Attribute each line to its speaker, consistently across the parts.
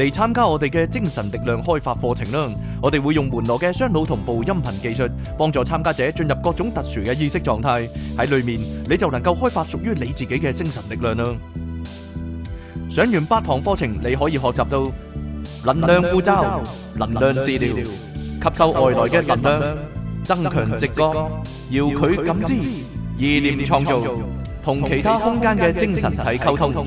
Speaker 1: 嚟參加我哋嘅精神力量開發課程啦！我哋會用門羅嘅雙腦同步音頻技術，幫助參加者進入各種特殊嘅意識狀態。喺裡面你就能夠開發屬於你自己嘅精神力量啦！上完八堂課程，你可以學習到能量護罩、能量治療、吸收外來嘅能量、增強直覺、遙距感知、意念創造、同其他空間嘅精神體溝通。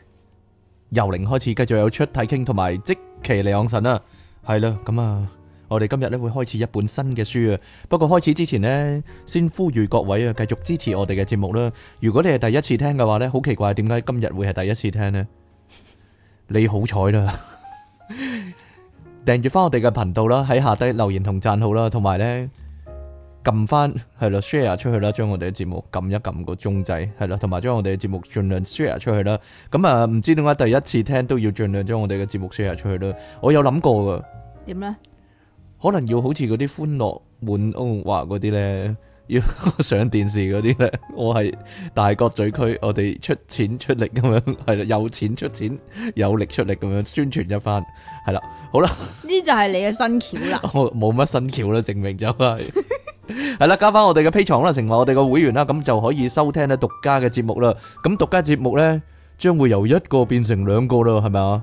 Speaker 1: 由零開始，繼續有出睇傾同埋即期嚟往神啊，係啦，咁啊，我哋今日咧會開始一本新嘅書啊，不過開始之前咧，先呼籲各位啊，繼續支持我哋嘅節目啦。如果你係第一次聽嘅話咧，好奇怪，點解今日會係第一次聽咧？你好彩啦，訂閱翻我哋嘅頻道啦，喺下低留言同讚好啦，同埋咧。撳翻，係咯，share 出去啦，將我哋嘅節目撳一撳個鐘仔係咯，同埋將我哋嘅節目盡量 share 出去啦。咁、嗯、啊，唔知點解第一次聽都要盡量將我哋嘅節目 share 出去啦。我有諗過噶，點咧？可能要好似嗰啲歡樂滿屋話嗰啲咧，要上電視嗰啲咧。我係大角咀區，我哋出錢出力咁樣，係啦，有錢出錢，有力出力咁樣宣傳一番，係啦，好啦，
Speaker 2: 呢就係你嘅新橋啦。
Speaker 1: 我冇乜 新橋啦，證明就係、是。 係啦，加翻我哋嘅 Patreon，可能成為我哋個會員啦，咁就可以收聽咧獨家嘅節目啦。咁獨家節目咧，將會由一個變成兩個囉，係咪啊？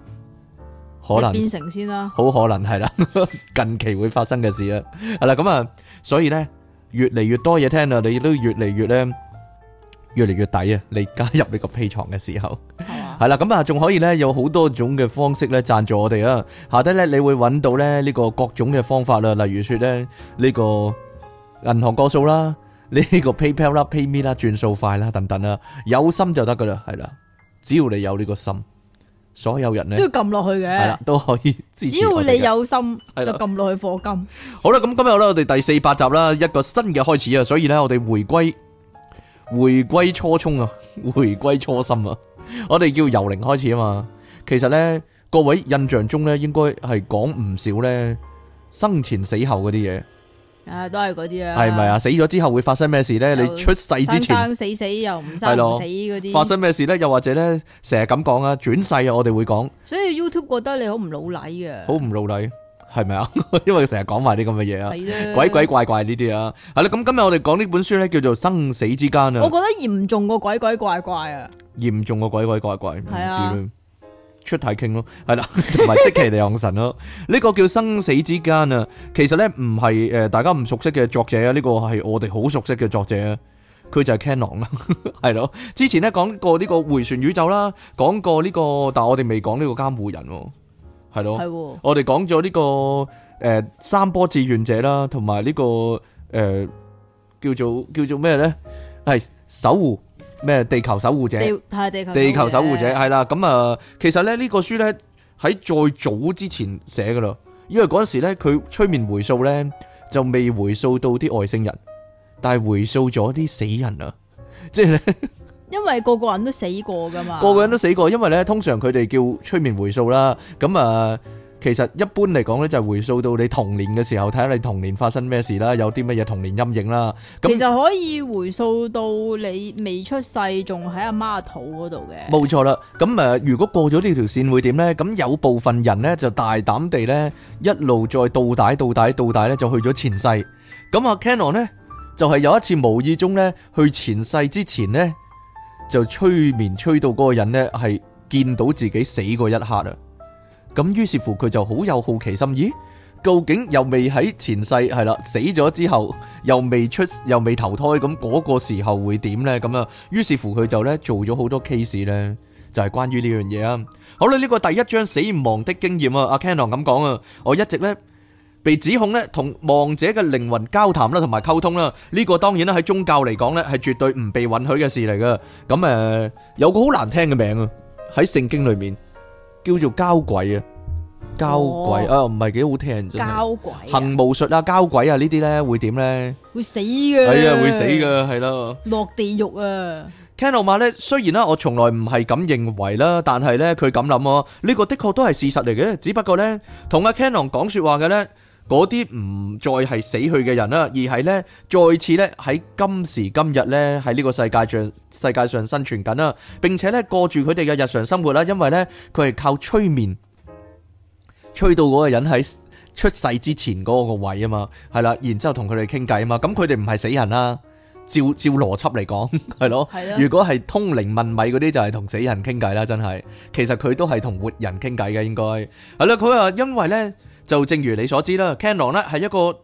Speaker 1: 可能變
Speaker 2: 成先啦，
Speaker 1: 好可能係啦，近期會發生嘅事啊。係啦，咁啊，所以咧，越嚟越多嘢聽啦，你都越嚟越咧，越嚟越抵啊！你加入呢個 Patreon 嘅時候，係啦，咁啊，仲可以咧有好多種嘅方式咧贊助我哋啊。下低咧你會搵到咧呢個各種嘅方法啦，例如說咧呢個。銀行過數啦，呢個 PayPal 啦、PayMe 啦，轉數快啦，等等啦，有心就得噶啦，係啦，只要你有呢個心，所有人咧都要
Speaker 2: 撳落去嘅，係啦，
Speaker 1: 都可以支持。只要你有
Speaker 2: 心就撳落去課金。
Speaker 1: 好啦，咁今日咧我哋第四百集啦，一個新嘅開始啊，所以咧我哋回歸回歸初衷啊，回歸初心啊，我哋叫由零開始啊嘛。其實咧各位印象中咧，應該係講唔少咧生前死後嗰啲嘢。
Speaker 2: 啊，都係嗰啲啊，係咪啊？
Speaker 1: 死咗之後會發生咩事咧？又 你出世之前，生，
Speaker 2: 生死死又唔生唔死嗰啲，發生
Speaker 1: 咩事咧？又或者咧，成日咁講啊，轉世啊，我哋會講。
Speaker 2: 所以 YouTube 覺得你好唔老禮嘅，
Speaker 1: 好唔老禮係咪啊？ 因為成日講埋啲咁嘅嘢啊，的鬼鬼怪怪呢啲啊。係啦，咁今日我哋講呢本書咧，叫做《生死之間》啊。我覺
Speaker 2: 得嚴重過鬼鬼怪怪啊，
Speaker 1: 嚴重過鬼鬼怪，怪怪，係啊的。出太傾咯，係啦，同埋即其兩神咯，呢 個叫生死之間啊。其實咧唔係誒，大家唔熟悉嘅作者啊，呢個係我哋好熟悉嘅作者，佢、這個、就係 Cannon 啦， 係咯。之前咧講過呢個回旋宇宙啦，講過呢、這個，但係我哋未講呢個監護人，係 咯，係、 這個。我哋講咗呢個誒三波志願者啦，同埋呢個誒、呃、叫做叫做咩咧，係守護。咩地球守護者？
Speaker 2: 地球守護者係
Speaker 1: 啦，咁、嗯、啊，其實咧呢、這個書咧喺再早之前寫噶咯，因為嗰陣時咧佢催眠回溯咧就未回溯到啲外星人，但係回溯咗啲死人啊，即係咧，
Speaker 2: 因為個個人都死過噶嘛，個個
Speaker 1: 人都死過，因為咧通常佢哋叫催眠回溯啦，咁、嗯、啊。嗯其實一般嚟講咧，就係回溯到你童年嘅時候，睇下你童年發生咩事啦，有啲乜嘢童年陰影啦。咁其實可
Speaker 2: 以回溯到你未出世，仲喺阿媽肚嗰度嘅。
Speaker 1: 冇錯啦，咁誒，如果過咗呢條線會點咧？咁有部分人咧就大膽地咧，一路再到底到底到底咧就去咗前世。咁阿 Cannon 咧就係有一次無意中咧去前世之前咧，就催眠催到嗰個人咧係見到自己死嗰一刻啊。咁於是乎佢就好有好奇心，咦？究竟又未喺前世係啦，死咗之後又未出又未投胎咁嗰個時候會點咧？咁啊，於是乎佢就咧做咗好多 case 咧，就係關於呢樣嘢啊。好啦，呢個第一章死亡的經驗啊，阿 Canon 咁講啊，我一直咧被指控咧同亡者嘅靈魂交談啦，同埋溝通啦。呢個當然啦，喺宗教嚟講咧係絕對唔被允許嘅事嚟噶。咁誒有個好難聽嘅名啊，喺聖經裏面。叫做交鬼啊，交鬼啊，唔係幾好聽。交鬼行巫術啊，交鬼啊，呢啲咧會點咧？
Speaker 2: 會死嘅，係啊，會死嘅，係咯，落地獄啊
Speaker 1: ！Canon 馬咧，雖然咧我從來唔係咁認為啦，但係咧佢咁諗啊，呢個的確都係事實嚟嘅，只不過咧同阿 Canon 講說話嘅咧。嗰啲唔再係死去嘅人啦，而係呢，再次呢，喺今時今日呢，喺呢個世界上世界上生存緊啦，並且呢，過住佢哋嘅日常生活啦，因為呢，佢係靠催眠催到嗰個人喺出世之前嗰個位啊嘛，係啦，然之後同佢哋傾偈啊嘛，咁佢哋唔係死人啦，照照邏輯嚟講係咯，對了 如果係通靈問米嗰啲就係、是、同死人傾偈啦，真係，其實佢都係同活人傾偈嘅，應該係啦，佢話因為呢。就正如你所知啦 Cannon 咧係一個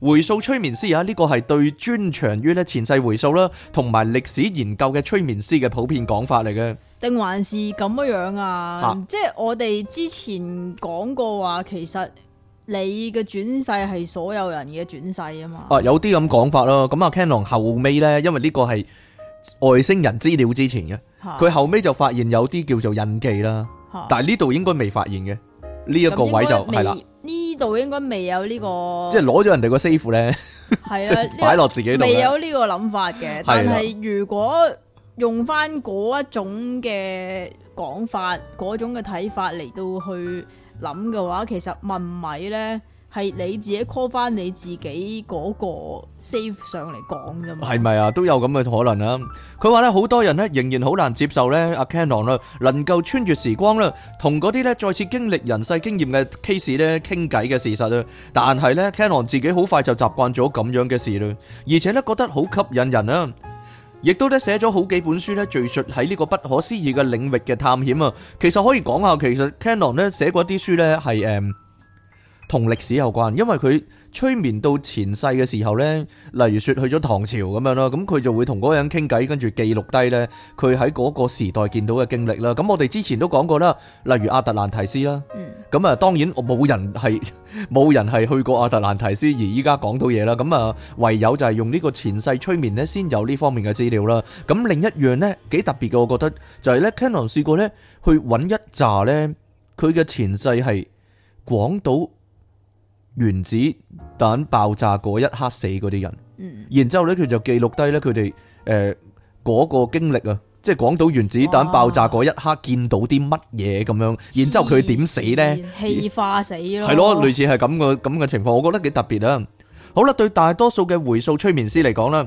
Speaker 1: 回溯催眠師啊！呢、這個係對專長於咧前世回溯啦，同埋歷史研究嘅催眠師嘅普遍講法嚟嘅。
Speaker 2: 定還是咁樣樣啊？啊即係我哋之前講過話，其實你嘅轉世係所有人嘅轉世啊嘛。
Speaker 1: 啊，有啲咁講法咯。咁啊 Cannon 後尾呢，因為呢個係外星人資料之前嘅，佢、啊、後尾就發現有啲叫做印記啦。
Speaker 2: 啊、但係呢度
Speaker 1: 應該未發現嘅，呢、這、一個位就係啦。
Speaker 2: 呢度應該未有呢個，即係
Speaker 1: 攞咗人哋個 save 咧，
Speaker 2: 係啊，擺落
Speaker 1: 自己未有呢
Speaker 2: 個諗法嘅。但係如果用返嗰一種嘅講法，嗰種嘅睇法嚟到去諗嘅話，其實問米咧。係你自己 call 翻你自己嗰個 save 上嚟講㗎嘛，係
Speaker 1: 咪啊？都有咁嘅可能啊！佢話咧，好多人咧仍然好難接受咧，阿 Cannon 咧能夠穿越時光咧，同嗰啲咧再次經歷人世經驗嘅 case 咧傾偈嘅事實啊！但係咧，Cannon 自己好快就習慣咗咁樣嘅事啦，而且咧覺得好吸引人啊！亦都咧寫咗好幾本書咧，敍述喺呢個不可思議嘅領域嘅探險啊！其實可以講下，其實 Cannon 咧寫嗰啲書咧係誒。同歷史有關，因為佢催眠到前世嘅時候呢，例如說去咗唐朝咁樣咯，咁佢就會同嗰個人傾偈，跟住記錄低呢佢喺嗰個時代見到嘅經歷啦。咁我哋之前都講過啦，例如阿特蘭提斯啦，咁啊、嗯、當然冇人係冇人係去過阿特蘭提斯而依家講到嘢啦。咁啊唯有就係用呢個前世催眠呢先有呢方面嘅資料啦。咁另一樣呢，幾特別嘅，我覺得就係、是、呢 Cannon 試過呢去揾一紮呢，佢嘅前世係廣島原子彈爆炸嗰一刻死嗰啲人，嗯、然之後咧佢就記錄低咧佢哋誒嗰個經歷啊，即係廣島原子彈爆炸嗰一刻見到啲乜嘢咁樣，哇然之後佢點死咧？氣
Speaker 2: 化死咯，係咯，類似
Speaker 1: 係咁個咁嘅情況，我覺得幾特別啊！好啦，對大多數嘅回溯催眠師嚟講啦。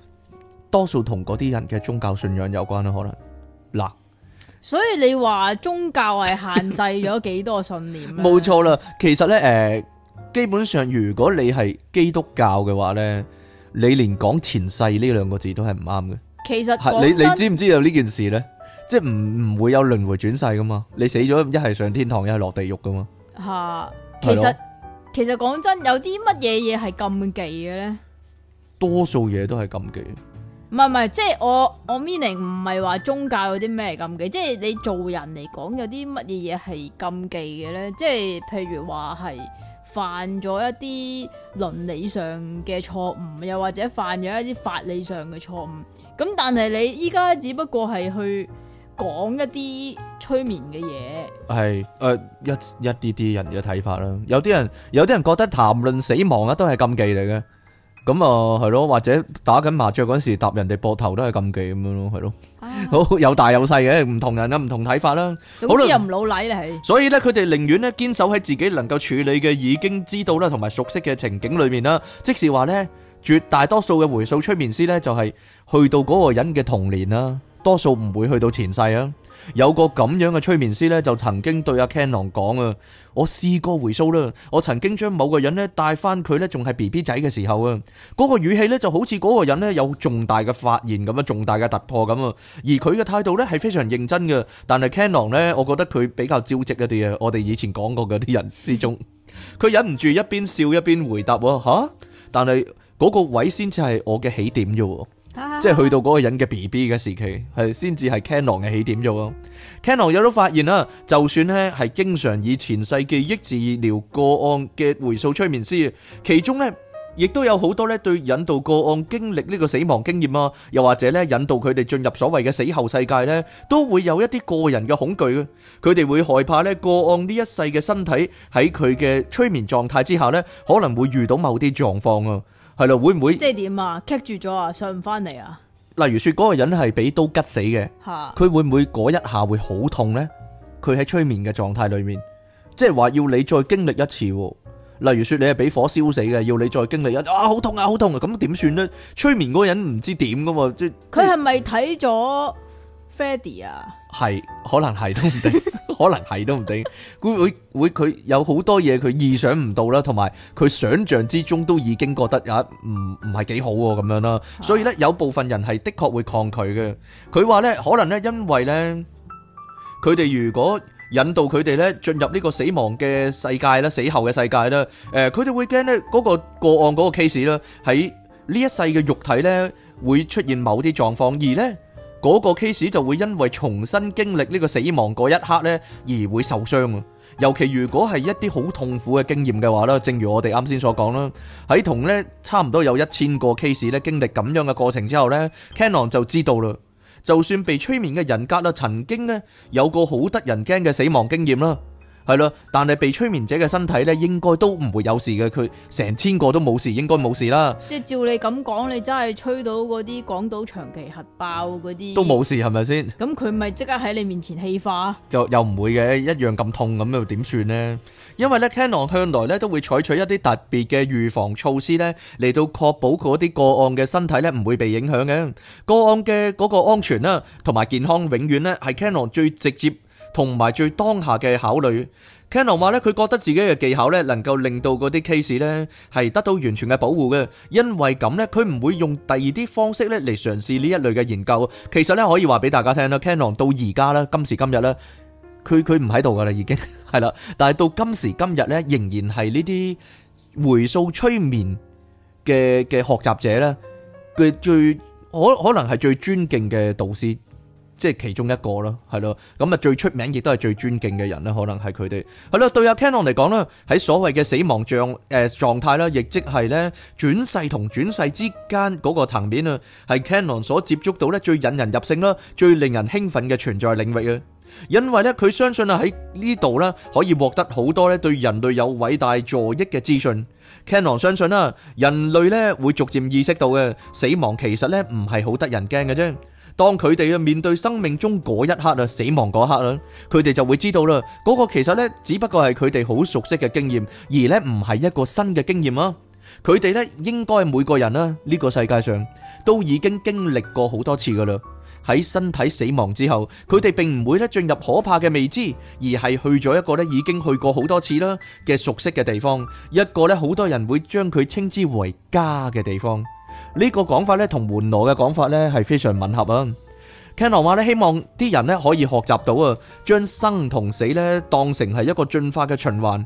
Speaker 1: 多數同嗰啲人嘅宗教信仰有關啦，可能嗱，
Speaker 2: 所以你話宗教係限制咗幾多信念？
Speaker 1: 冇錯啦，其實咧，誒，基本上如果你係基督教嘅話咧，你連講前世呢兩個字都係唔啱嘅。
Speaker 2: 其實，你你知唔
Speaker 1: 知道呢件事咧？即係唔唔會有輪回轉世噶嘛？你死咗一係上天堂，一係落地獄噶嘛？
Speaker 2: 吓，其實咯其實講真，有啲乜嘢嘢係禁忌嘅咧？
Speaker 1: 多數嘢都係禁忌。
Speaker 2: 唔係唔係，即係我我 meaning 唔係話宗教有啲咩禁忌，即係你做人嚟講有啲乜嘢嘢係禁忌嘅咧？即係譬如話係犯咗一啲倫理上嘅錯誤，又或者犯咗一啲法理上嘅錯誤。咁但係你依家只不過係去講一啲催眠嘅嘢。
Speaker 1: 係誒、呃、一一啲啲人嘅睇法啦，有啲人有啲人覺得談論死亡啊都係禁忌嚟嘅。咁啊，係咯、嗯，或者打緊麻雀嗰時搭人哋膊頭都係咁忌咁樣咯，係咯，好、啊、 有大有細嘅，唔同人啊，唔同睇法啦，
Speaker 2: 好，之又唔老禮咧，係。
Speaker 1: 所以咧，佢哋寧願咧堅守喺自己能夠處理嘅，已經知道啦，同埋熟悉嘅情景裏面啦。即是話咧，絕大多數嘅回數催眠師咧，就係去到嗰個人嘅童年啦。多數唔會去到前世啊！有個咁樣嘅催眠師呢，就曾經對阿、啊、Ken Long 講啊，我試過回溯啦，我曾經將某個人咧帶翻佢呢仲係 B B 仔嘅時候啊，嗰、那個語氣呢就好似嗰個人呢有重大嘅發現咁樣，重大嘅突破咁啊，而佢嘅態度呢係非常認真嘅。但係 Ken Long 呢，我覺得佢比較招積一啲啊。我哋以前講過嘅啲人之中，佢 忍唔住一邊笑一邊回答、啊：吓、啊，但係嗰個位先至係我嘅起點啫。即係去到嗰個人嘅 B B 嘅時期，係先至係 Canon 嘅起點啫喎。Canon 有都發現啦，就算咧係經常以前世記憶治療個案嘅回溯催眠師，其中呢亦都有好多咧對引導個案經歷呢個死亡經驗啊，又或者呢引導佢哋進入所謂嘅死後世界呢，都會有一啲個人嘅恐懼。佢哋會害怕呢個案呢一世嘅身體喺佢嘅催眠狀態之下呢，可能會遇到某啲狀況啊。係咯，會唔會即
Speaker 2: 係點啊？卡住咗啊，上唔翻嚟啊？
Speaker 1: 例如說，嗰個人係俾刀拮死嘅，吓，佢會唔會嗰一下會好痛咧？佢喺催眠嘅狀態裏面，即係話要你再經歷一次。例如說，你係俾火燒死嘅，要你再經歷一啊，好痛啊，好痛啊！咁點算咧？催眠嗰個人唔知點噶嘛？即係
Speaker 2: 佢係咪睇咗？Freddy 啊，
Speaker 1: 係可能係都唔定，可能係都唔定，會會會佢有好多嘢佢意想唔到啦，同埋佢想象之中都已經覺得啊唔唔係幾好咁樣啦，所以呢有部分人係的確會抗拒嘅。佢話呢，可能呢因為呢，佢哋如果引導佢哋呢進入呢個死亡嘅世界啦，死後嘅世界啦，誒，佢哋會驚呢嗰個個案嗰個 case 呢喺呢一世嘅肉體呢會出現某啲狀況，而呢。嗰個 case 就會因為重新經歷呢個死亡嗰一刻呢而會受傷。尤其如果係一啲好痛苦嘅經驗嘅話咧，正如我哋啱先所講啦，喺同呢差唔多有一千個 case 咧經歷咁樣嘅過程之後呢，Cannon 就知道啦。就算被催眠嘅人格啦，曾經呢有個好得人驚嘅死亡經驗啦。係咯，但係被催眠者嘅身體咧，應該都唔會有事嘅。佢成千個都冇事，應該冇事啦。
Speaker 2: 即係照你咁講，你真係吹到嗰啲港島長期核爆嗰啲都冇
Speaker 1: 事係咪先？
Speaker 2: 咁佢咪即刻喺你面前氣化？
Speaker 1: 又又唔會嘅，一樣咁痛咁又點算呢？因為呢 c a n o n 向來咧都會採取一啲特別嘅預防措施咧，嚟到確保嗰啲個案嘅身體咧唔會被影響嘅。個案嘅嗰個安全啦，同埋健康永遠咧係 c a n o n 最直接。同埋最當下嘅考慮，Kennon 話咧，佢覺得自己嘅技巧咧，能夠令到嗰啲 case 咧係得到完全嘅保護嘅，因為咁咧，佢唔會用第二啲方式咧嚟嘗試呢一類嘅研究。其實咧，可以話俾大家聽啦，Kennon 到而家咧，今時今日咧，佢佢唔喺度噶啦，已經係啦。但係到今時今日咧，仍然係呢啲回溯催眠嘅嘅學習者咧，佢最可可能係最尊敬嘅導師。即係其中一個咯，係咯，咁啊最出名亦都係最尊敬嘅人咧，可能係佢哋。係咯，對阿 Canon 嚟講咧，喺所謂嘅死亡狀誒狀態咧，亦即係咧轉世同轉世之間嗰個層面啊，係 Canon 所接觸到咧最引人入勝啦，最令人興奮嘅存在領域啊。因為咧，佢相信啊，喺呢度咧可以獲得好多咧對人類有偉大助益嘅資訊。Canon 相信啦，人類咧會逐漸意識到嘅死亡其實咧唔係好得人驚嘅啫。當佢哋啊面對生命中嗰一刻啊死亡嗰刻啦，佢哋就會知道啦，嗰個其實咧只不過係佢哋好熟悉嘅經驗，而咧唔係一個新嘅經驗啊。佢哋咧應該每個人啦呢個世界上都已經經歷過好多次噶啦。喺身體死亡之後，佢哋並唔會咧進入可怕嘅未知，而係去咗一個咧已經去過好多次啦嘅熟悉嘅地方，一個咧好多人會將佢稱之為家嘅地方。呢個講法咧，同門羅嘅講法咧係非常吻合啊！canon 話咧，希望啲人咧可以學習到啊，將生同死咧當成係一個進化嘅循環。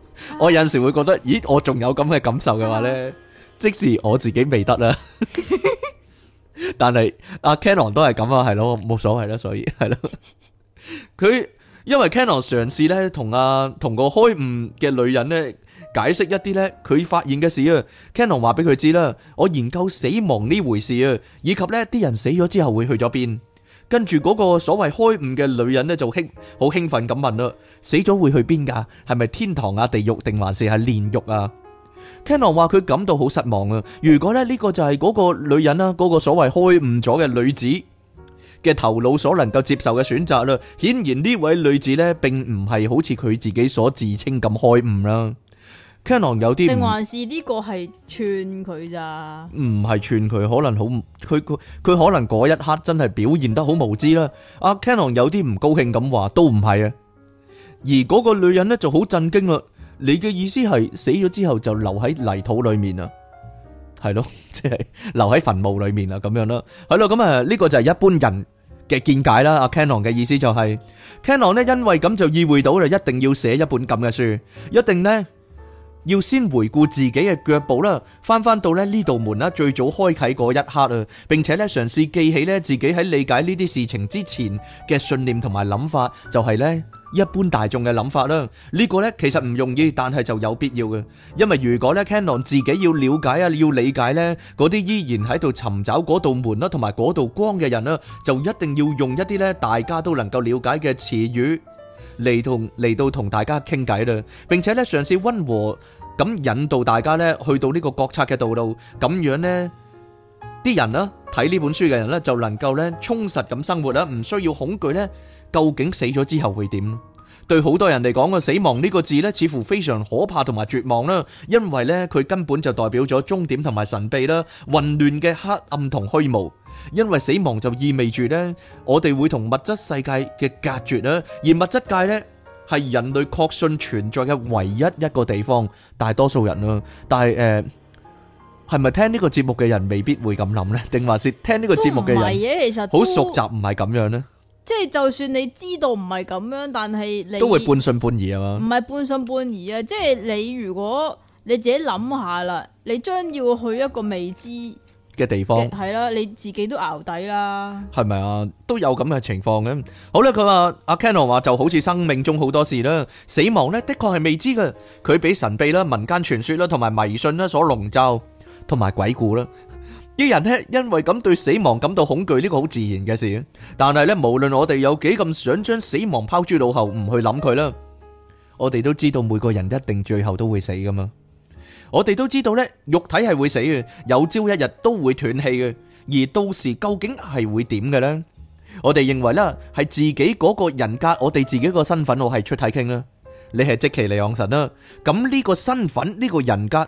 Speaker 1: 我有陣時會覺得，咦，我仲有咁嘅感受嘅話呢？即使我自己未得啦， 但係阿 Ken o n 都係咁啊，係咯，冇所謂啦，所以係咯。佢 因為 Ken o n 上次呢，同阿、啊、同個開悟嘅女人呢，解釋一啲呢，佢發現嘅事啊，Ken o n 話俾佢知啦，我研究死亡呢回事啊，以及呢啲人死咗之後會去咗邊。跟住嗰個所謂開悟嘅女人呢，就興好興奮咁問啦，死咗會去邊噶？係咪天堂啊、地獄定還是係煉獄啊？Kenon 話佢感到好失望啊！如果咧呢個就係嗰個女人啦，嗰、嗰個所謂開悟咗嘅女子嘅頭腦所能夠接受嘅選擇啦，顯然呢位女子呢，並唔係好似佢自己所自稱咁開悟啦。Canon 有啲，定還
Speaker 2: 是呢個係串佢咋？
Speaker 1: 唔係串佢，可能好佢佢佢可能嗰一刻真係表現得好無知啦。阿 Canon 有啲唔高興咁話，都唔係啊。而嗰個女人咧就好震驚啦。你嘅意思係死咗之後就留喺泥土裏面啊？係咯，即係留喺墳墓裏面啊？咁樣咯，係咯咁啊？呢個就係一般人嘅見解啦。阿 Canon 嘅意思就係 Canon 咧，因為咁就意會到就一定要寫一本咁嘅書，一定咧。要先回顧自己嘅腳步啦，翻翻到咧呢道門啦，最早開啟嗰一刻啊，並且咧嘗試記起咧自己喺理解呢啲事情之前嘅信念同埋諗法，就係、是、咧一般大眾嘅諗法啦。呢、這個咧其實唔容易，但係就有必要嘅，因為如果咧 Cannon 自己要了解啊，要理解咧嗰啲依然喺度尋找嗰道門啦，同埋嗰道光嘅人啦，就一定要用一啲咧大家都能夠了解嘅詞語。嚟同嚟到同大家傾偈啦，並且咧嘗試溫和咁引導大家咧去到呢個國策嘅道路，咁樣咧啲人啦，睇呢本書嘅人咧就能夠咧充實咁生活啦，唔需要恐懼咧究竟死咗之後會點？對好多人嚟講，個死亡呢個字咧，似乎非常可怕同埋絕望啦。因為咧，佢根本就代表咗終點同埋神秘啦、混亂嘅黑暗同虛無。因為死亡就意味住咧，我哋會同物質世界嘅隔絕啦。而物質界咧，係人類確信存在嘅唯一一個地方。大多數人啦，但係誒，係咪聽呢個節目嘅人未必會咁諗咧？定還是聽呢個節目嘅人好熟習唔係咁樣咧？
Speaker 2: 即係就算你知道唔係咁樣，但係你都會半
Speaker 1: 信半疑啊嘛？唔
Speaker 2: 係半信半疑啊！即係你如果你自己諗下啦，你將要去一個未知
Speaker 1: 嘅地方，
Speaker 2: 係啦，你自己都淆底啦。
Speaker 1: 係咪啊？都有咁嘅情況嘅。好啦，佢話阿 Ken 話就好似生命中好多事啦，死亡咧，的確係未知嘅。佢俾神秘啦、民間傳說啦、同埋迷信啦所籠罩，同埋鬼故啦。啲人呢，因為咁對死亡感到恐懼，呢個好自然嘅事。但係呢，無論我哋有幾咁想將死亡拋諸腦後，唔去諗佢啦，我哋都知道每個人一定最後都會死噶嘛。我哋都知道呢，肉體係會死嘅，有朝一日都會斷氣嘅。而到時究竟係會點嘅呢？我哋認為啦，係自己嗰個人格，我哋自己個身份，我係出體傾啦，你係即其嚟往神啦，咁呢個身份，呢個人格。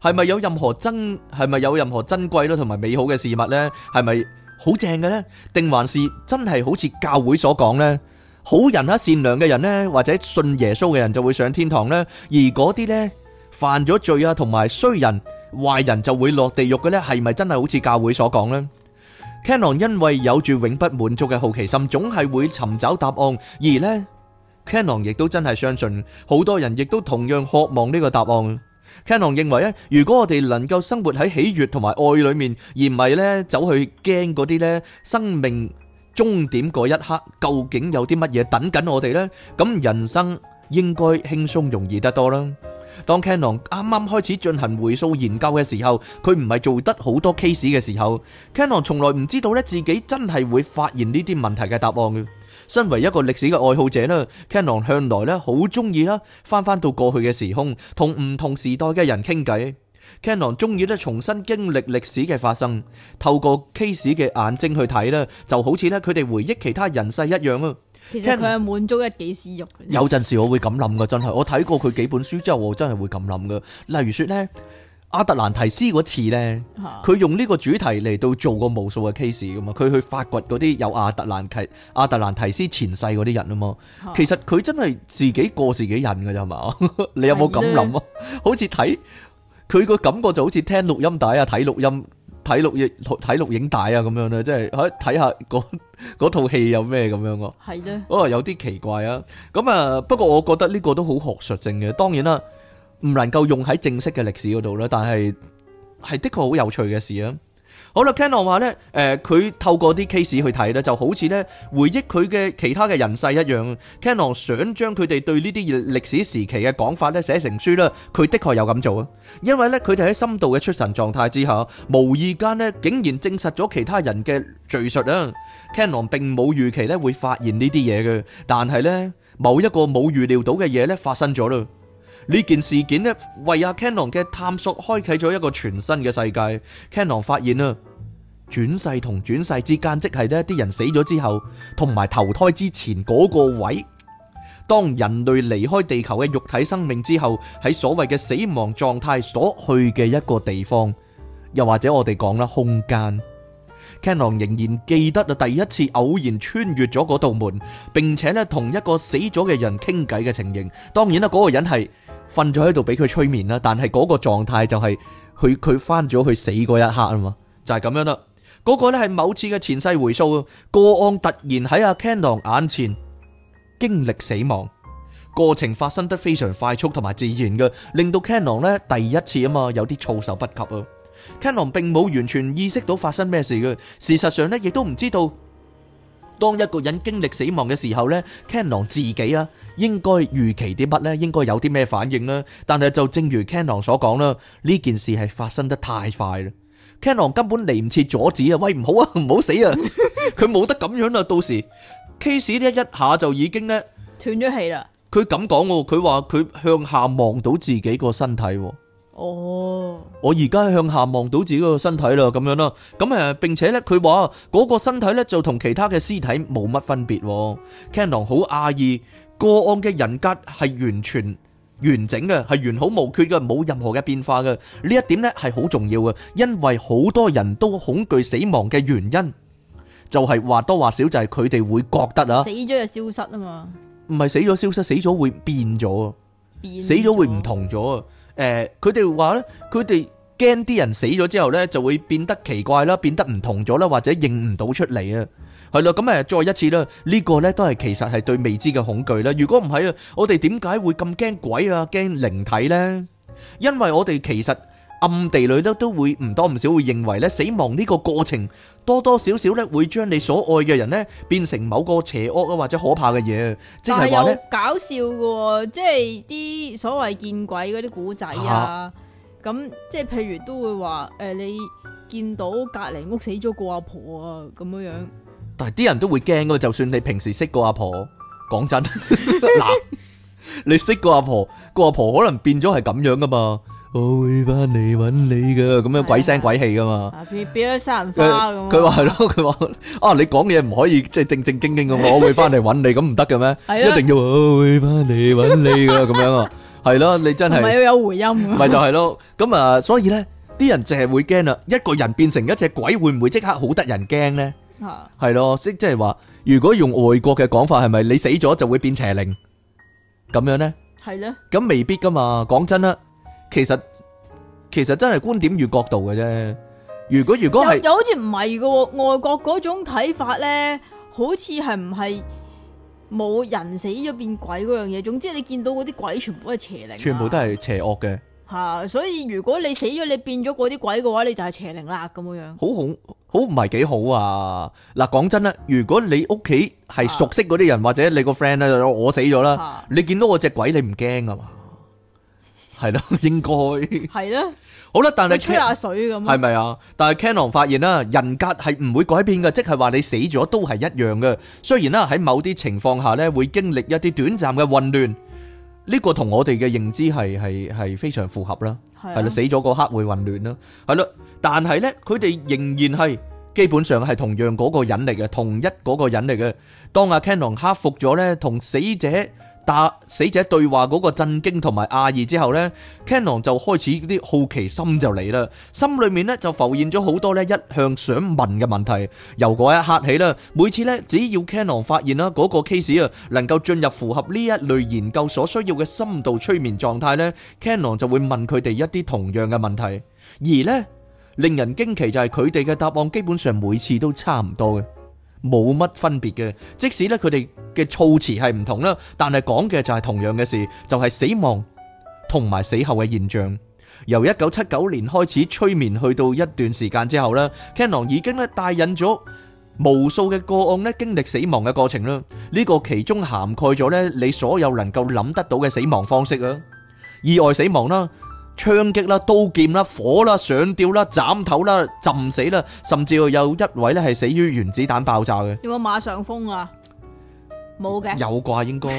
Speaker 1: 係咪有任何珍係咪有任何珍貴咯，同埋美好嘅事物咧？係咪好正嘅咧？定還是真係好似教會所講咧？好人啊，善良嘅人咧，或者信耶穌嘅人就會上天堂咧，而嗰啲咧犯咗罪啊，同埋衰人壞人就會落地獄嘅咧？係咪真係好似教會所講咧？Canon 因為有住永不滿足嘅好奇心，總係會尋找答案，而咧 Canon 亦都真係相信，好多人亦都同樣渴望呢個答案。Cannon 認為咧，如果我哋能夠生活喺喜悅同埋愛裡面，而唔係咧走去驚嗰啲咧生命終點嗰一刻究竟有啲乜嘢等緊我哋咧，咁人生應該輕鬆容易得多啦。當 Cannon 啱啱開始進行回溯研究嘅時候，佢唔係做得好多 case 嘅時候，Cannon 從來唔知道咧自己真係會發現呢啲問題嘅答案嘅。身為一個歷史嘅愛好者咧，Canon 向來咧好中意啦，返返到過去嘅時空，同唔同時代嘅人傾偈。Canon 中意咧重新經歷歷史嘅發生，透過 case 嘅眼睛去睇咧，就好似咧佢哋回憶其他人世一樣啊。其
Speaker 2: 實佢係滿足一己私慾。有陣
Speaker 1: 時我會咁諗噶，真係，我睇過佢幾本書之後，我真係會咁諗噶。例如說咧。阿特蘭提斯嗰次咧，佢用呢個主題嚟到做過無數嘅 case 噶嘛，佢去發掘嗰啲有阿特蘭提亞特蘭提斯前世嗰啲人啊嘛，其實佢真係自己過自己癮噶咋嘛？ 你有冇咁諗啊？的好似睇佢個感覺就好似聽錄音帶啊，睇錄音、睇錄影、睇錄影帶啊咁樣咧，即係睇睇下嗰套戲有咩咁樣咯？係咯，有啲奇怪啊！咁啊，不過我覺得呢個都好學術性嘅，當然啦。唔能夠用喺正式嘅歷史嗰度咧，但係係的確好有趣嘅事啊！好啦，Canon 話咧，誒，佢透過啲 case 去睇咧，就好似咧回憶佢嘅其他嘅人世一樣。Canon 想將佢哋對呢啲歷史時期嘅講法咧寫成書啦，佢的確有咁做啊！因為咧佢哋喺深度嘅出神狀態之下，無意間咧竟然證實咗其他人嘅敘述啊！Canon 並冇預期咧會發現呢啲嘢嘅，但係咧某一個冇預料到嘅嘢咧發生咗啦。呢件事件呢，為阿 Kenon 嘅探索開啓咗一個全新嘅世界。Kenon 發現啦，轉世同轉世之間，即係呢啲人死咗之後，同埋投胎之前嗰個位。當人類離開地球嘅肉體生命之後，喺所謂嘅死亡狀態所去嘅一個地方，又或者我哋講啦空間。Cannon 仍然記得啊，第一次偶然穿越咗嗰道門，並且咧同一個死咗嘅人傾偈嘅情形。當然啦，嗰個人係瞓咗喺度俾佢催眠啦，但係嗰個狀態就係佢佢返咗去死嗰一刻啊嘛，就係、是、咁樣啦。嗰、那個咧係某次嘅前世回溯個案，突然喺阿 Cannon 眼前經歷死亡過程，發生得非常快速同埋自然嘅，令到 Cannon 咧第一次啊嘛有啲措手不及啊。Ken 郎並冇完全意識到發生咩事嘅，事實上呢，亦都唔知道當一個人經歷死亡嘅時候呢 Ken 郎自己啊，應該預期啲乜呢？應該有啲咩反應呢？但係就正如 Ken 郎所講啦，呢件事係發生得太快啦，Ken 郎根本嚟唔切阻止啊！喂，唔好啊，唔好死啊！佢冇得咁樣啊，到時 Case 呢一下就已經呢
Speaker 2: 斷咗氣啦。
Speaker 1: 佢咁講喎，佢話佢向下望到自己個身體。哦，我而家向下望到自己個身體啦，咁樣啦，咁誒，並且咧佢話嗰個身體咧就同其他嘅屍體冇乜分別，canon 好訝異個案嘅人格係完全完整嘅，係完好無缺嘅，冇任何嘅變化嘅，呢一點咧係好重要嘅，因為好多人都恐懼死亡嘅原因就係話多話少就係佢哋會覺得啊，死
Speaker 2: 咗就消失啊嘛，
Speaker 1: 唔係死咗消失，死咗會變咗，
Speaker 2: 死咗
Speaker 1: 會唔同咗啊。誒，佢哋話咧，佢哋驚啲人死咗之後呢，就會變得奇怪啦，變得唔同咗啦，或者認唔到出嚟啊，係咯，咁誒，再一次啦，呢個呢，都係其實係對未知嘅恐懼啦。如果唔係啊，我哋點解會咁驚鬼啊，驚靈體呢？因為我哋其實。暗地裏咧都會唔多唔少會認為咧，死亡呢個過程多多少少咧會將你所愛嘅人咧變成某個邪惡啊，或者可怕嘅嘢，即係話咧，即係有
Speaker 2: 搞笑嘅，即係啲所謂見鬼嗰啲古仔啊，咁，啊，即係譬如都會話誒、呃，你見到隔籬屋死咗個阿婆啊，咁樣樣、嗯。
Speaker 1: 但係啲人都會驚噶，就算你平時識個阿婆，講真，嗱。 你識，個阿婆，個阿婆可能變咗係咁樣噶嘛？我會翻嚟揾你噶，咁樣鬼聲鬼氣噶嘛？啊，變，
Speaker 2: 變咗殺人花咁。佢話係
Speaker 1: 咯，佢話啊，你講嘢唔可以即係正正經經咁，我會翻嚟揾你，咁唔得嘅咩？係咯，一定要我會翻嚟揾你噶咁樣啊，係咯，你真係咪
Speaker 2: 要有回音？咪就係
Speaker 1: 咯，咁啊，所以咧，啲人淨係會驚啊。一個人變成一隻鬼，會唔會即刻好得人驚咧？係咯，即即係話，如果用外國嘅講法，係咪你死咗就會變邪靈？咁樣咧，係咧呢，咁未必噶嘛。講真啦，其實其實真係觀點與角度嘅啫。如果如果係，又
Speaker 2: 好似唔係噶外國嗰種睇法咧，好似係唔係冇人死咗變鬼嗰樣嘢。總之你見到嗰啲鬼全部係邪靈，啊，全部都
Speaker 1: 係邪惡嘅。
Speaker 2: 吓，所以如果你死咗，你變咗嗰啲鬼嘅話，你就係邪靈啦咁樣，
Speaker 1: 好恐，好唔係幾好啊！嗱，講真啦，如果你屋企係熟悉嗰啲人，或者你個 friend 咧，我死咗啦，你見到我隻鬼，你唔驚啊嘛？係咯，應該係啦。好啦，但係吹下水咁，係咪啊？但係 Cannon 發現啦，人格係唔會改變嘅，即係話你死咗都係一樣嘅。雖然啦，喺某啲情況下咧，會經歷一啲短暫嘅混亂。呢個同我哋嘅認知係係係非常符合啦，係啦的，死咗嗰刻會混亂啦，係啦，但係呢，佢哋仍然係基本上係同樣嗰個人嚟嘅，同一嗰個人嚟嘅。當阿 Kennon 克服咗呢，同死者。但死者對話嗰個震驚同埋訝異之後呢，Kenon 就開始啲好奇心就嚟啦，心裡面呢就浮現咗好多呢一向想問嘅問題。由嗰一刻起呢，每次呢，只要 Kenon 發現啦嗰個 case 啊能夠進入符合呢一類研究所需要嘅深度催眠狀態呢，Kenon 就會問佢哋一啲同樣嘅問題，而呢，令人驚奇就係佢哋嘅答案基本上每次都差唔多嘅。冇乜分別嘅，即使呢，佢哋嘅措辭係唔同啦，但係講嘅就係同樣嘅事，就係、是、死亡同埋死後嘅現象。由一九七九年開始催眠，去到一段時間之後呢，Kenon 已經咧帶引咗無數嘅個案呢，經歷死亡嘅過程啦。呢、這個其中涵蓋咗呢，你所有能夠諗得到嘅死亡方式啊，意外死亡啦。槍擊啦、刀劍啦、火啦、上吊啦、斬頭啦、浸死啦，甚至啊有一位咧係死於原子彈爆炸嘅。
Speaker 2: 有冇馬上風啊？冇嘅。
Speaker 1: 有啩。應該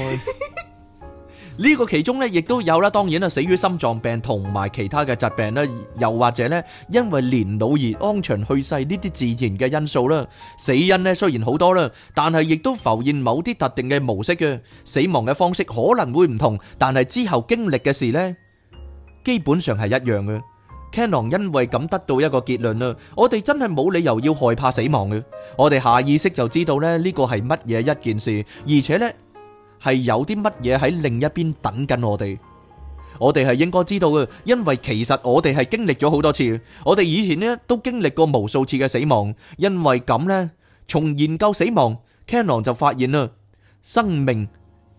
Speaker 1: 呢個其中咧亦都有啦，當然啦，死於心臟病同埋其他嘅疾病啦，又或者咧因為年老而安詳去世呢啲自然嘅因素啦。死因咧雖然好多啦，但係亦都浮現某啲特定嘅模式嘅死亡嘅方式可能會唔同，但係之後經歷嘅事咧，基本上係一樣嘅，Kenon 因為咁得到一個結論啦，我哋真係冇理由要害怕死亡嘅，我哋下意識就知道呢呢個係乜嘢一件事，而且呢係有啲乜嘢喺另一邊等緊我哋，我哋係應該知道嘅，因為其實我哋係經歷咗好多次，我哋以前呢都經歷過無數次嘅死亡，因為咁呢，從研究死亡，Kenon 就發現啦，生命。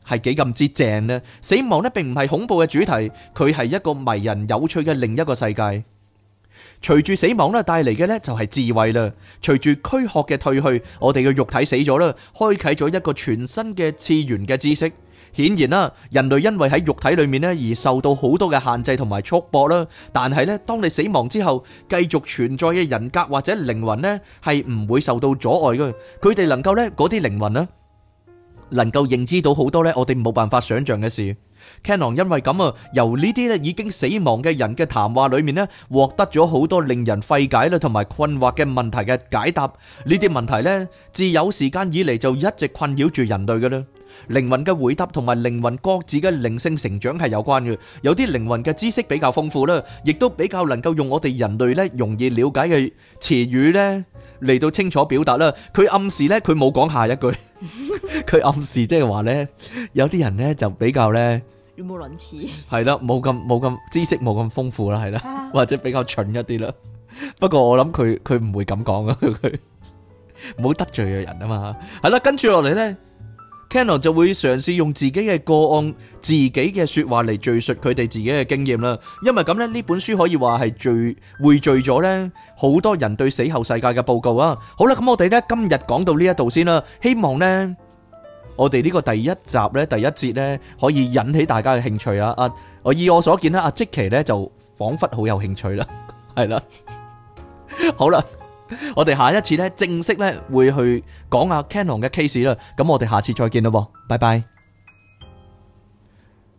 Speaker 1: 係幾咁之正呢？死亡呢並唔係恐怖嘅主題，佢係一個迷人有趣嘅另一個世界。隨住死亡呢帶嚟嘅呢就係智慧啦。隨住軀殼嘅退去，我哋嘅肉體死咗啦，開啟咗一個全新嘅次元嘅知識。顯然啦，人類因為喺肉體裏面呢而受到好多嘅限制同埋束縛啦。但係呢，當你死亡之後，繼續存在嘅人格或者靈魂呢係唔會受到阻礙嘅，佢哋能夠呢，嗰啲靈魂呢。能夠認知到好多呢，我哋冇辦法想象嘅事。Canon 因為咁啊，由呢啲呢已經死亡嘅人嘅談話裡面呢，獲得咗好多令人費解啦同埋困惑嘅問題嘅解答。呢啲問題呢，自有時間以嚟就一直困擾住人類嘅啦。靈魂嘅回答同埋靈魂各自嘅靈性成長係有關嘅，有啲靈魂嘅知識比較豐富啦，亦都比較能夠用我哋人類咧容易了解嘅詞語咧嚟到清楚表達啦。佢暗示咧，佢冇講下一句，佢暗示即係話咧，有啲人咧就比較咧語
Speaker 2: 無倫次，
Speaker 1: 係啦，冇咁冇咁知識冇咁豐富啦，係啦，或者比較蠢一啲啦。不過我諗佢佢唔會咁講啊，佢冇得罪嘅人啊嘛。係啦，跟住落嚟咧。k e n n e n 就會嘗試用自己嘅個案、自己嘅説話嚟敘述佢哋自己嘅經驗啦。因為咁咧，呢本書可以話係聚匯聚咗咧好多人對死後世界嘅報告啊。好啦，咁我哋咧今日講到呢一度先啦。希望呢我哋呢個第一集咧第一節咧可以引起大家嘅興趣啊！啊，我以我所見啦，阿積奇咧就彷彿好有興趣啦，係 啦是的， 好啦。我哋下一次咧，正式咧會去講下 Canon 嘅 case 啦。咁我哋下次再見咯，拜拜。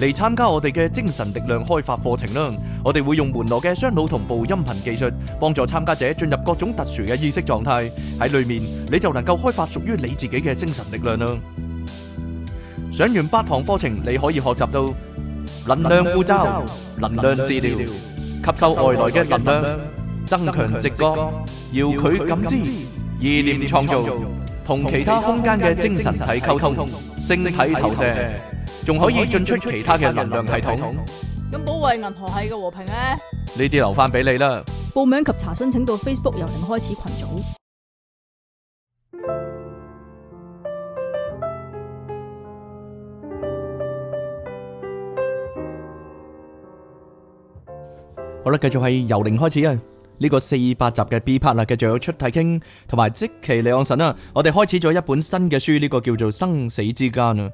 Speaker 1: 嚟參加我哋嘅精神力量開發課程啦！我哋會用門羅嘅雙腦同步音頻技術，幫助參加者進入各種特殊嘅意識狀態。喺裏面你就能夠開發屬於你自己嘅精神力量啦！上完八堂課程，你可以學習到能量護罩、能量治療、吸收外來嘅能量、增強直覺、遙距感知、意念創造、同其他空間嘅精神體溝通、星體投射。仲可以進出其他嘅能量系統。
Speaker 2: 咁保衛銀河系嘅和平咧？
Speaker 1: 呢啲留翻俾你啦。
Speaker 2: 報名及查詢請到 Facebook 由零開始群組。 好
Speaker 1: 啦，繼續係由零開始啊！呢、這個四百集嘅 B Part 啦，繼續有出題傾同埋即期李昂臣啊！我哋開始咗一本新嘅書，呢、這個叫做生死之間啊！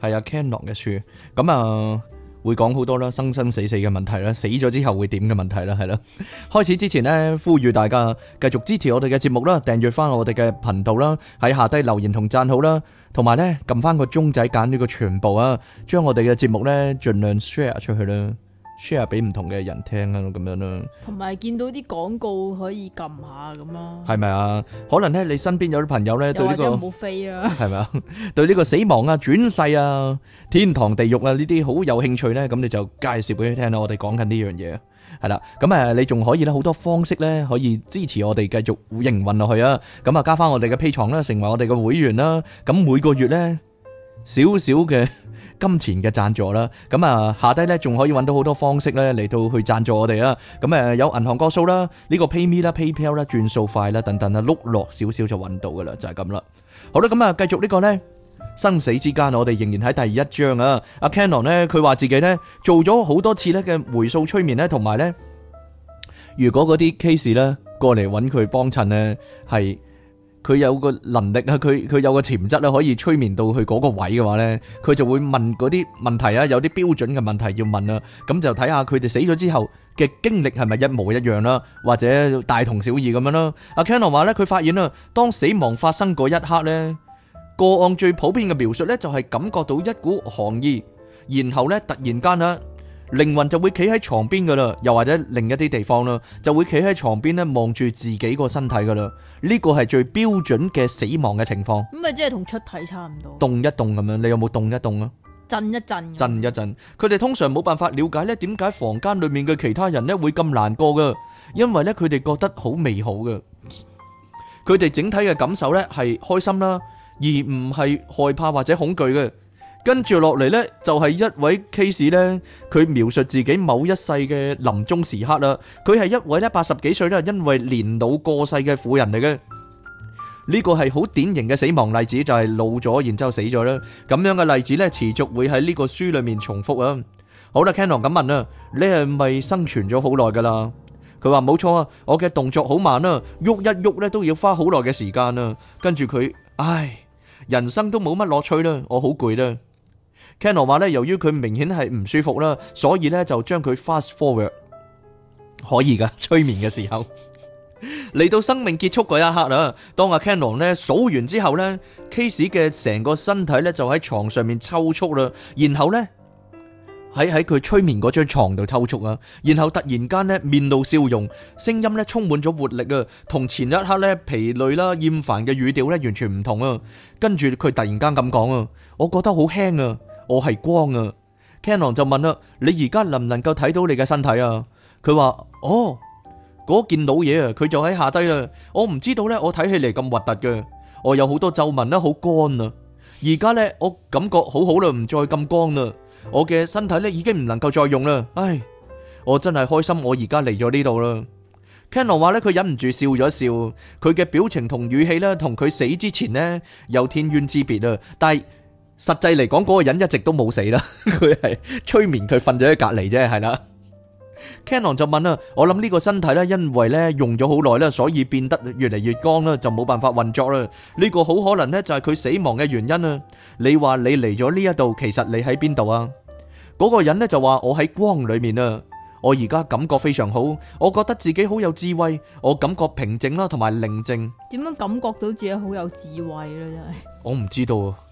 Speaker 1: 係啊，Kenon 嘅書，咁啊會講好多啦，生生死死嘅問題啦，死咗之後會點嘅問題啦，係啦。 開始之前呢，呼籲大家繼續支持我哋嘅節目啦，訂閱翻我哋嘅頻道啦，喺下低留言同讚好啦，同埋呢，撳翻個鐘仔揀呢個全部啊，將我哋嘅節目呢盡量 share 出去啦。share 俾唔同嘅人聽啦，咁樣啦。
Speaker 2: 同埋見到啲廣告可以撳下咁啦。
Speaker 1: 係咪啊？可能咧，你身邊有啲朋友咧，這個， 對呢個
Speaker 2: 係咪
Speaker 1: 啊？對呢個死亡啊、轉世啊、天堂地獄啊呢啲好有興趣咧，咁你就介紹佢聽啦。我哋講緊呢樣嘢，係啦。咁誒，你仲可以咧，好多方式咧，可以支持我哋繼續營運落去啊。咁啊，加翻我哋嘅 P 床啦，成為我哋嘅會員啦。咁每個月咧。少少嘅金錢嘅贊助啦，咁、嗯、啊下低咧仲可以揾到好多方式咧嚟到去贊助我哋啊，咁、嗯、誒、嗯、有銀行個數啦，呢個 PayMe 啦、PayPal 啦、轉數快啦等等啊，碌落少少就揾到噶啦，就係咁啦。好啦，咁、嗯、啊繼續呢個咧生死之間，我哋仍然喺第一章啊呢。阿 Canon 咧，佢話自己咧做咗好多次咧嘅回數催眠咧，同埋咧如果嗰啲 case 咧過嚟揾佢幫襯咧係。佢有個能力啊，佢佢有個潛質咧，可以催眠到去嗰個位嘅話咧，佢就會問嗰啲問題啊，有啲標準嘅問題要問啊，咁就睇下佢哋死咗之後嘅經歷係咪一模一樣啦，或者大同小異咁樣咯。阿 Kenon 話咧，佢發現啊，當死亡發生嗰一刻咧，個案最普遍嘅描述咧，就係感覺到一股寒意，然後咧突然間啊～靈魂就會企喺床邊噶啦，又或者另一啲地方啦，就會企喺床邊咧，望住自己個身體噶啦。呢個係最標準嘅死亡嘅情況。
Speaker 2: 咁咪即係同出體差唔多。
Speaker 1: 動一動咁樣，你有冇動一動啊？
Speaker 2: 震一震。震
Speaker 1: 一震。佢哋通常冇辦法了解咧，點解房間裏面嘅其他人咧會咁難過噶？因為咧，佢哋覺得好美好噶。佢哋整體嘅感受咧係開心啦，而唔係害怕或者恐懼嘅。跟住落嚟呢，就係一位 case 咧，佢描述自己某一世嘅臨終時刻啦。佢係一位咧八十幾歲咧，因為年老過世嘅婦人嚟嘅。呢、這個係好典型嘅死亡例子，就係、是、老咗，然之後死咗啦。咁樣嘅例子呢，持續會喺呢個書裡面重複啊。好啦，Cannon 咁問啊，你係咪生存咗好耐噶啦？佢話冇錯啊，我嘅動作好慢啊，喐一喐呢都要花好耐嘅時間啊。跟住佢，唉，人生都冇乜樂趣啦，我好攰啦。Kenner 話咧，由於佢明顯係唔舒服啦，所以咧就將佢 fast forward，可以噶催眠嘅時候，嚟 到生命結束嗰一刻啊。當阿 Kenner 咧數完之後咧，Case 嘅成個身體咧就喺床上面抽搐啦，然後咧喺喺佢催眠嗰張床度抽搐啊。然後突然間咧面露笑容，聲音咧充滿咗活力啊，同前一刻咧疲累啦厭煩嘅語調咧完全唔同啊。跟住佢突然間咁講啊，我覺得好輕啊。我係光啊，Kenon 就問啦：你而家能唔能夠睇到你嘅身體啊？佢話：哦，嗰件老嘢啊，佢就喺下低啊。我唔知道咧，我睇起嚟咁核突嘅，我有好多皺紋啦，好乾啊。而家咧，我感覺好好啦，唔再咁乾啦。我嘅身體咧已經唔能夠再用啦。唉，我真係開心，我而家嚟咗呢度啦。Kenon 話咧，佢忍唔住笑咗笑，佢嘅表情同語氣咧，同佢死之前呢，有天淵之別啊，但係，實際嚟講，嗰個人一直都冇死啦，佢係催眠佢瞓咗喺隔籬啫，係啦。Canon 就問啊，我諗呢個身體咧，因為咧用咗好耐啦，所以變得越嚟越光啦，就冇辦法運作啦。呢個好可能咧就係佢死亡嘅原因啊。你話你嚟咗呢一度，其實你喺邊度啊？嗰個人咧就話我喺光裏面啊，我而家感覺非常好，我覺得自己好有智慧，我感覺平靜啦，同埋寧靜。
Speaker 2: 點樣感覺到自己好有智慧咧？真係
Speaker 1: 我唔知道啊。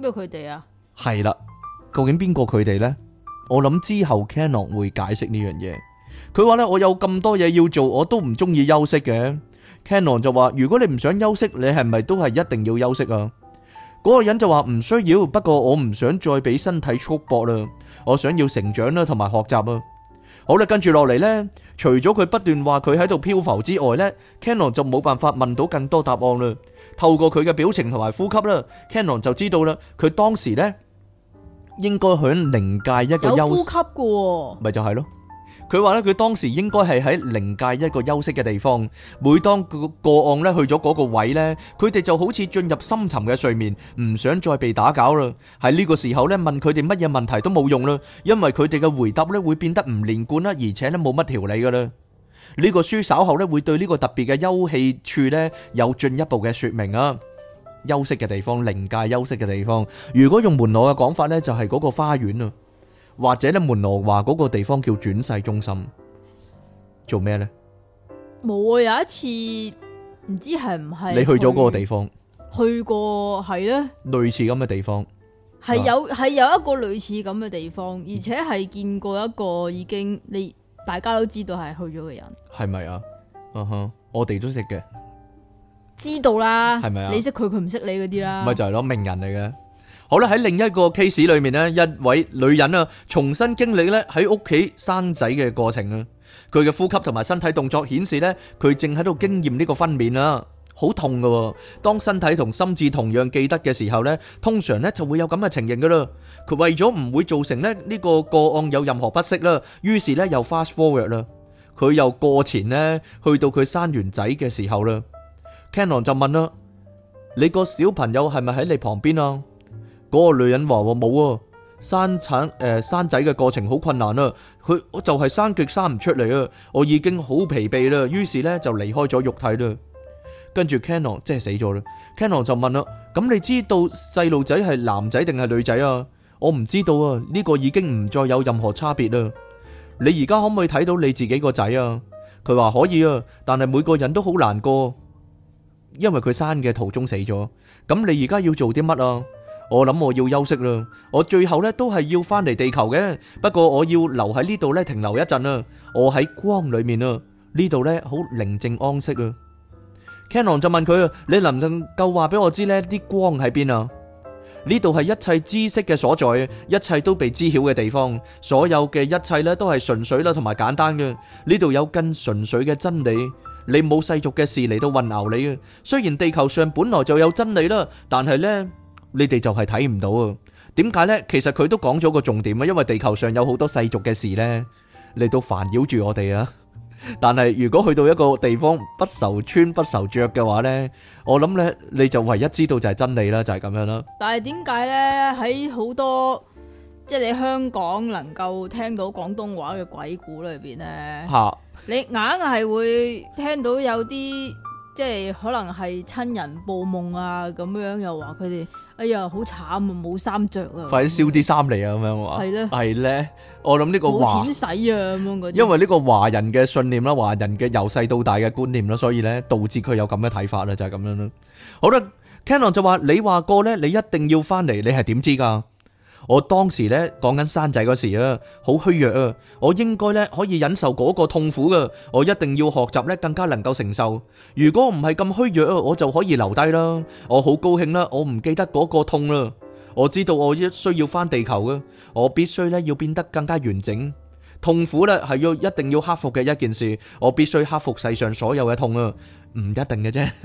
Speaker 1: 咩佢哋啊？係啦，究竟邊個佢哋呢？我諗之後 Canon 會解釋呢樣嘢。佢話咧，我有咁多嘢要做，我都唔中意休息嘅。Canon 就話，如果你唔想休息，你係咪都係一定要休息啊？嗰個人就話唔需要，不過我唔想再俾身體束縛啦，我想要成長啦，同埋學習啊。好啦，跟住落嚟咧，除咗佢不斷話佢喺度漂浮之外咧，Kenon 就冇辦法問到更多答案啦。透過佢嘅表情同埋呼吸啦，Kenon 就知道啦，佢當時咧應該喺靈界一個休息。有呼
Speaker 2: 吸嘅
Speaker 1: 喎，咪就係咯。佢話咧，佢當時應該係喺靈界一個休息嘅地方。每當個個案咧去咗嗰個位咧，佢哋就好似進入深沉嘅睡眠，唔想再被打攪啦。喺呢個時候咧，問佢哋乜嘢問題都冇用啦，因為佢哋嘅回答咧會變得唔連貫啦，而且咧冇乜條理噶啦。呢個書稍後咧會對呢個特別嘅休憩處咧有進一步嘅說明啊。休息嘅地方，靈界休息嘅地方，如果用門羅嘅講法咧，就係嗰個花園啊。或者咧門羅話嗰個地方叫轉世中心，做咩咧？
Speaker 2: 冇啊！有一次唔知係唔係你去咗嗰個地方？去過係咧，呢
Speaker 1: 類似咁嘅地方，
Speaker 2: 係有係嗎有一個類似咁嘅地方，而且係見過一個已經你大家都知道係去咗嘅人，
Speaker 1: 係咪啊？哼、uh-huh, 我哋都識嘅，
Speaker 2: 知道啦，係咪啊？你識佢，佢唔識你嗰啲啦，咪、嗯、
Speaker 1: 就係咯，名人嚟嘅。好啦，喺另一個 case 裏面咧，一位女人啊，重新經歷咧喺屋企生仔嘅過程啊。佢嘅呼吸同埋身體動作顯示咧，佢正喺度經驗呢個分娩啦，好痛噶。當身體同心智同樣記得嘅時候咧，通常咧就會有咁嘅情形噶啦。佢為咗唔會造成咧呢個個案有任何不適啦，於是咧又 fast forward 啦，佢又過前咧去到佢生完仔嘅時候啦。Kenon 就問啦：你個小朋友係咪喺你旁邊啊？嗰個女人話：我冇啊，生產誒、呃、生仔嘅過程好困難啊。佢我就係生腳生唔出嚟啊，我已經好疲憊啦，於是咧就離開咗肉體啦。跟住 Cannon 真係死咗啦，Cannon 就問啦、啊：咁、嗯、你知道細路仔係男仔定係女仔啊？我唔知道啊，呢、呢個已經唔再有任何差別啦。你而家可唔可以睇到你自己個仔啊？佢話可以啊，但係每個人都好難過，因為佢生嘅途中死咗。咁、嗯、你而家要做啲乜啊？我諗我要休息啦。我最後咧都係要翻嚟地球嘅，不過我要留喺呢度咧停留一陣啦。我喺光裏面啦，呢度咧好寧靜安息啊。Canon 就問佢啊，你能唔能夠話俾我知呢啲光喺邊啊？呢度係一切知識嘅所在，一切都被知曉嘅地方，所有嘅一切咧都係純粹啦，同埋簡單嘅。呢度有更純粹嘅真理，你冇世俗嘅事嚟到混淆你啊。雖然地球上本來就有真理啦，但係呢……」你哋就係睇唔到啊？點解呢？其實佢都講咗個重點啊，因為地球上有好多世俗嘅事呢，嚟到煩擾住我哋啊。但係如果去到一個地方不愁穿不愁着嘅話呢，我諗呢，你就唯一知道就係真理啦，就係咁樣啦。
Speaker 2: 但係點解呢？喺好多即係你香港能夠聽到廣東話嘅鬼故裏邊呢，吓你硬係會聽到有啲即係可能係親人報夢啊咁樣，又話佢哋。哎呀，好慘啊！冇衫着啊，快啲
Speaker 1: 燒啲衫嚟啊！咁樣話，係咧，係咧。我諗呢個冇錢
Speaker 2: 使啊咁樣嗰啲，因為
Speaker 1: 呢個華人嘅信念啦，華人嘅由細到大嘅觀念啦，所以咧導致佢有咁嘅睇法啦，就係咁樣咯。好啦，Kenon 就話你話過咧，你一定要翻嚟，你係點知㗎？我當時咧講緊生仔嗰時啊，好虛弱啊，我應該咧可以忍受嗰個痛苦噶，我一定要學習咧更加能夠承受。如果唔係咁虛弱，我就可以留低啦。我好高興啦，我唔記得嗰個痛啦。我知道我一需要返地球噶，我必須咧要變得更加完整。痛苦咧係要一定要克服嘅一件事，我必須克服世上所有嘅痛啊，唔一定嘅啫。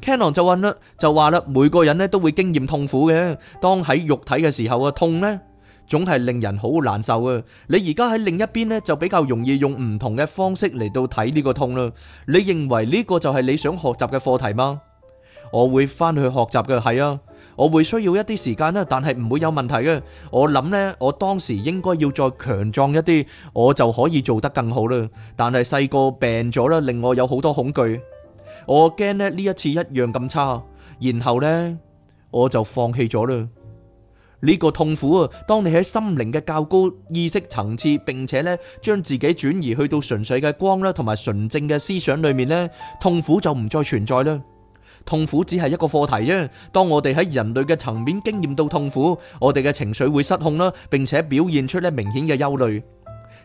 Speaker 1: Canon 就話啦，就話啦，每個人呢都會經驗痛苦嘅。當喺肉體嘅時候啊，痛呢總係令人好難受啊。你而家喺另一邊呢，就比較容易用唔同嘅方式嚟到睇呢個痛啦。你認為呢個就係你想學習嘅課題嗎？我會翻去學習嘅，係啊，我會需要一啲時間啦，但係唔會有問題嘅。我諗呢，我當時應該要再強壯一啲，我就可以做得更好啦。但係細個病咗啦，令我有好多恐懼。我驚咧呢一次一樣咁差，然後呢，我就放棄咗啦。呢個痛苦啊，當你喺心靈嘅較高意識層次，並且咧將自己轉移去到純粹嘅光啦，同埋純正嘅思想裏面咧，痛苦就唔再存在啦。痛苦只係一個課題啫。當我哋喺人類嘅層面經驗到痛苦，我哋嘅情緒會失控啦，並且表現出咧明顯嘅憂慮。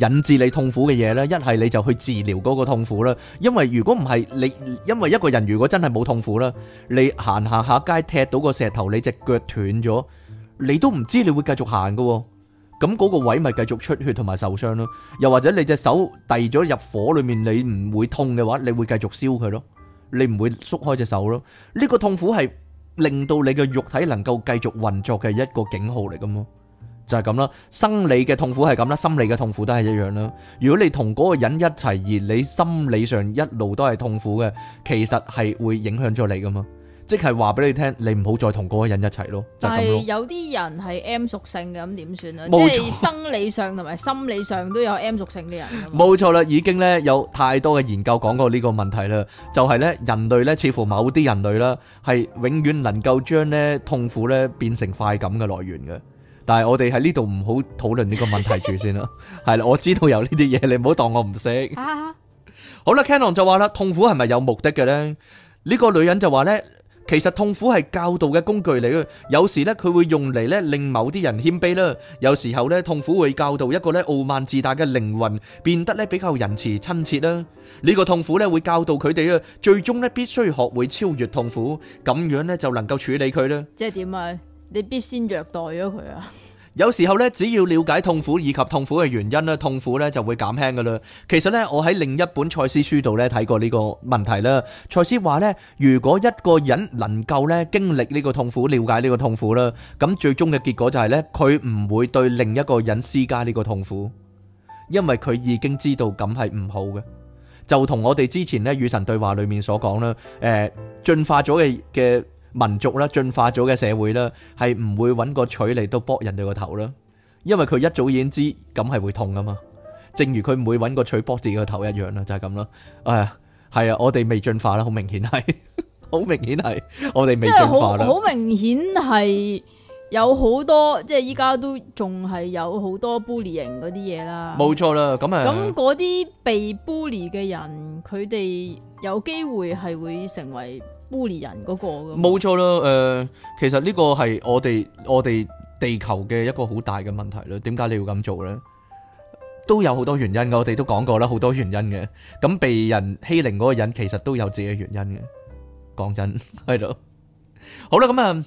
Speaker 1: 引致你痛苦嘅嘢咧，一係你就去治療嗰個痛苦啦。因為如果唔係你，因為一個人如果真係冇痛苦啦，你行行下街踢到個石頭，你隻腳斷咗，你都唔知你會繼續行㗎。咁嗰個位咪繼續出血同埋受傷咯。又或者你隻手遞咗入火裏面，你唔會痛嘅話，你會繼續燒佢咯，你唔會縮開隻手咯。呢個痛苦係令到你嘅肉體能夠繼續運作嘅一個警號嚟㗎嘛？就係咁啦，生理嘅痛苦係咁啦，心理嘅痛苦都係一樣啦。如果你同嗰個人一齊，而你心理上一路都係痛苦嘅，其實係會影響咗你噶嘛？即係話俾你聽，你唔好再同嗰個人一齊咯，就係咁咯。但係有
Speaker 2: 啲人係 M 屬性嘅，咁點算啊？冇錯。即係生理上同埋心理上都有 M 屬性啲人。
Speaker 1: 冇錯啦，已經呢，有太多嘅研究講過呢個問題啦，就係呢，人類呢，似乎某啲人類啦，係永遠能夠將呢痛苦呢變成快感嘅來源嘅。但係我哋喺呢度唔好討論呢個問題住先啦，係啦，我知道有呢啲嘢，你唔好當我唔識。 好啦，Canon 就話啦，痛苦係咪有目的嘅呢？呢、呢個女人就話呢，其實痛苦係教導嘅工具嚟，嘅。有時呢，佢會用嚟咧令某啲人謙卑啦，有時候呢，痛苦會教導一個咧傲慢自大嘅靈魂變得呢比較仁慈親切啦。呢、呢個痛苦呢，會教導佢哋啊，最終呢必須學會超越痛苦，咁樣呢就能夠處理佢啦。
Speaker 2: 即係點啊？你必先虐待咗佢啊！
Speaker 1: 有時候咧，只要了解痛苦以及痛苦嘅原因咧，痛苦咧就會減輕㗎喇。其實咧，我喺另一本塞斯書度咧睇過呢個問題啦。塞斯話咧，如果一個人能夠咧經歷呢個痛苦，了解呢個痛苦啦，咁最終嘅結果就係咧，佢唔會對另一個人施加呢個痛苦，因為佢已經知道咁係唔好嘅。就同我哋之前咧與神對話裏面所講啦，誒，進化咗嘅嘅。民族啦，進化咗嘅社會啦，係唔會揾個鎚嚟都卜人哋個頭啦，因為佢一早已經知咁係會痛㗎嘛。正如佢唔會揾個鎚卜自己個頭一樣啦，就係咁啦。係啊，啊，我哋未進化啦，好明顯係，好 明顯係，我哋未進化啦。好
Speaker 2: 明顯係有好多，即係依家都仲係有好多 bully 型嗰啲嘢啦。冇
Speaker 1: 錯啦，咁係。咁嗰
Speaker 2: 啲被 bully 嘅人，佢哋有機會係會成為。烏利人嗰個冇
Speaker 1: 錯啦，誒，其實呢個係我哋我哋地球嘅一個好大嘅問題啦。點解你要咁做咧？都有好多原因嘅，我哋都講過啦，好多原因嘅。咁被人欺凌嗰個人其實都有自己原因嘅。講真係咯，好啦，咁啊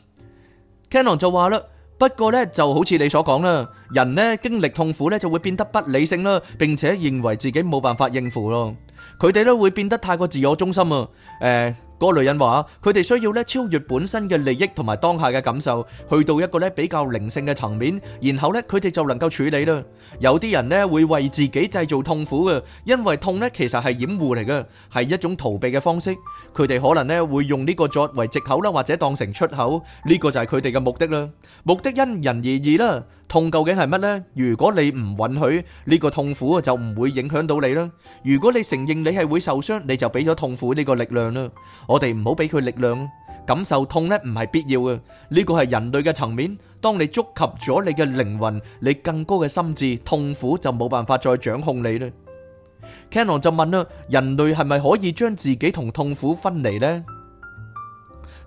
Speaker 1: ，Kenon 就話啦，不過咧就好似你所講啦，人咧經歷痛苦咧就會變得不理性啦，並且認為自己冇辦法應付咯。佢哋都會變得太過自我中心啊，誒。嗰個女人話，佢哋需要咧超越本身嘅利益同埋當下嘅感受，去到一個咧比較靈性嘅層面，然後咧佢哋就能夠處理啦。有啲人呢，會為自己製造痛苦嘅，因為痛咧其實係掩護嚟嘅，係一種逃避嘅方式。佢哋可能咧會用呢個作為借口啦，或者當成出口，呢個就係佢哋嘅目的啦。目的因人而異啦。痛究竟係乜呢？如果你唔允許呢個痛苦啊，就唔會影響到你啦。如果你承認你係會受傷，你就俾咗痛苦呢個力量啦。我哋唔好俾佢力量。感受痛呢唔係必要嘅，呢個係人類嘅層面。當你觸及咗你嘅靈魂，你更高嘅心智，痛苦就冇辦法再掌控你啦。Canon 就問啦：人類係咪可以將自己同痛苦分離呢？」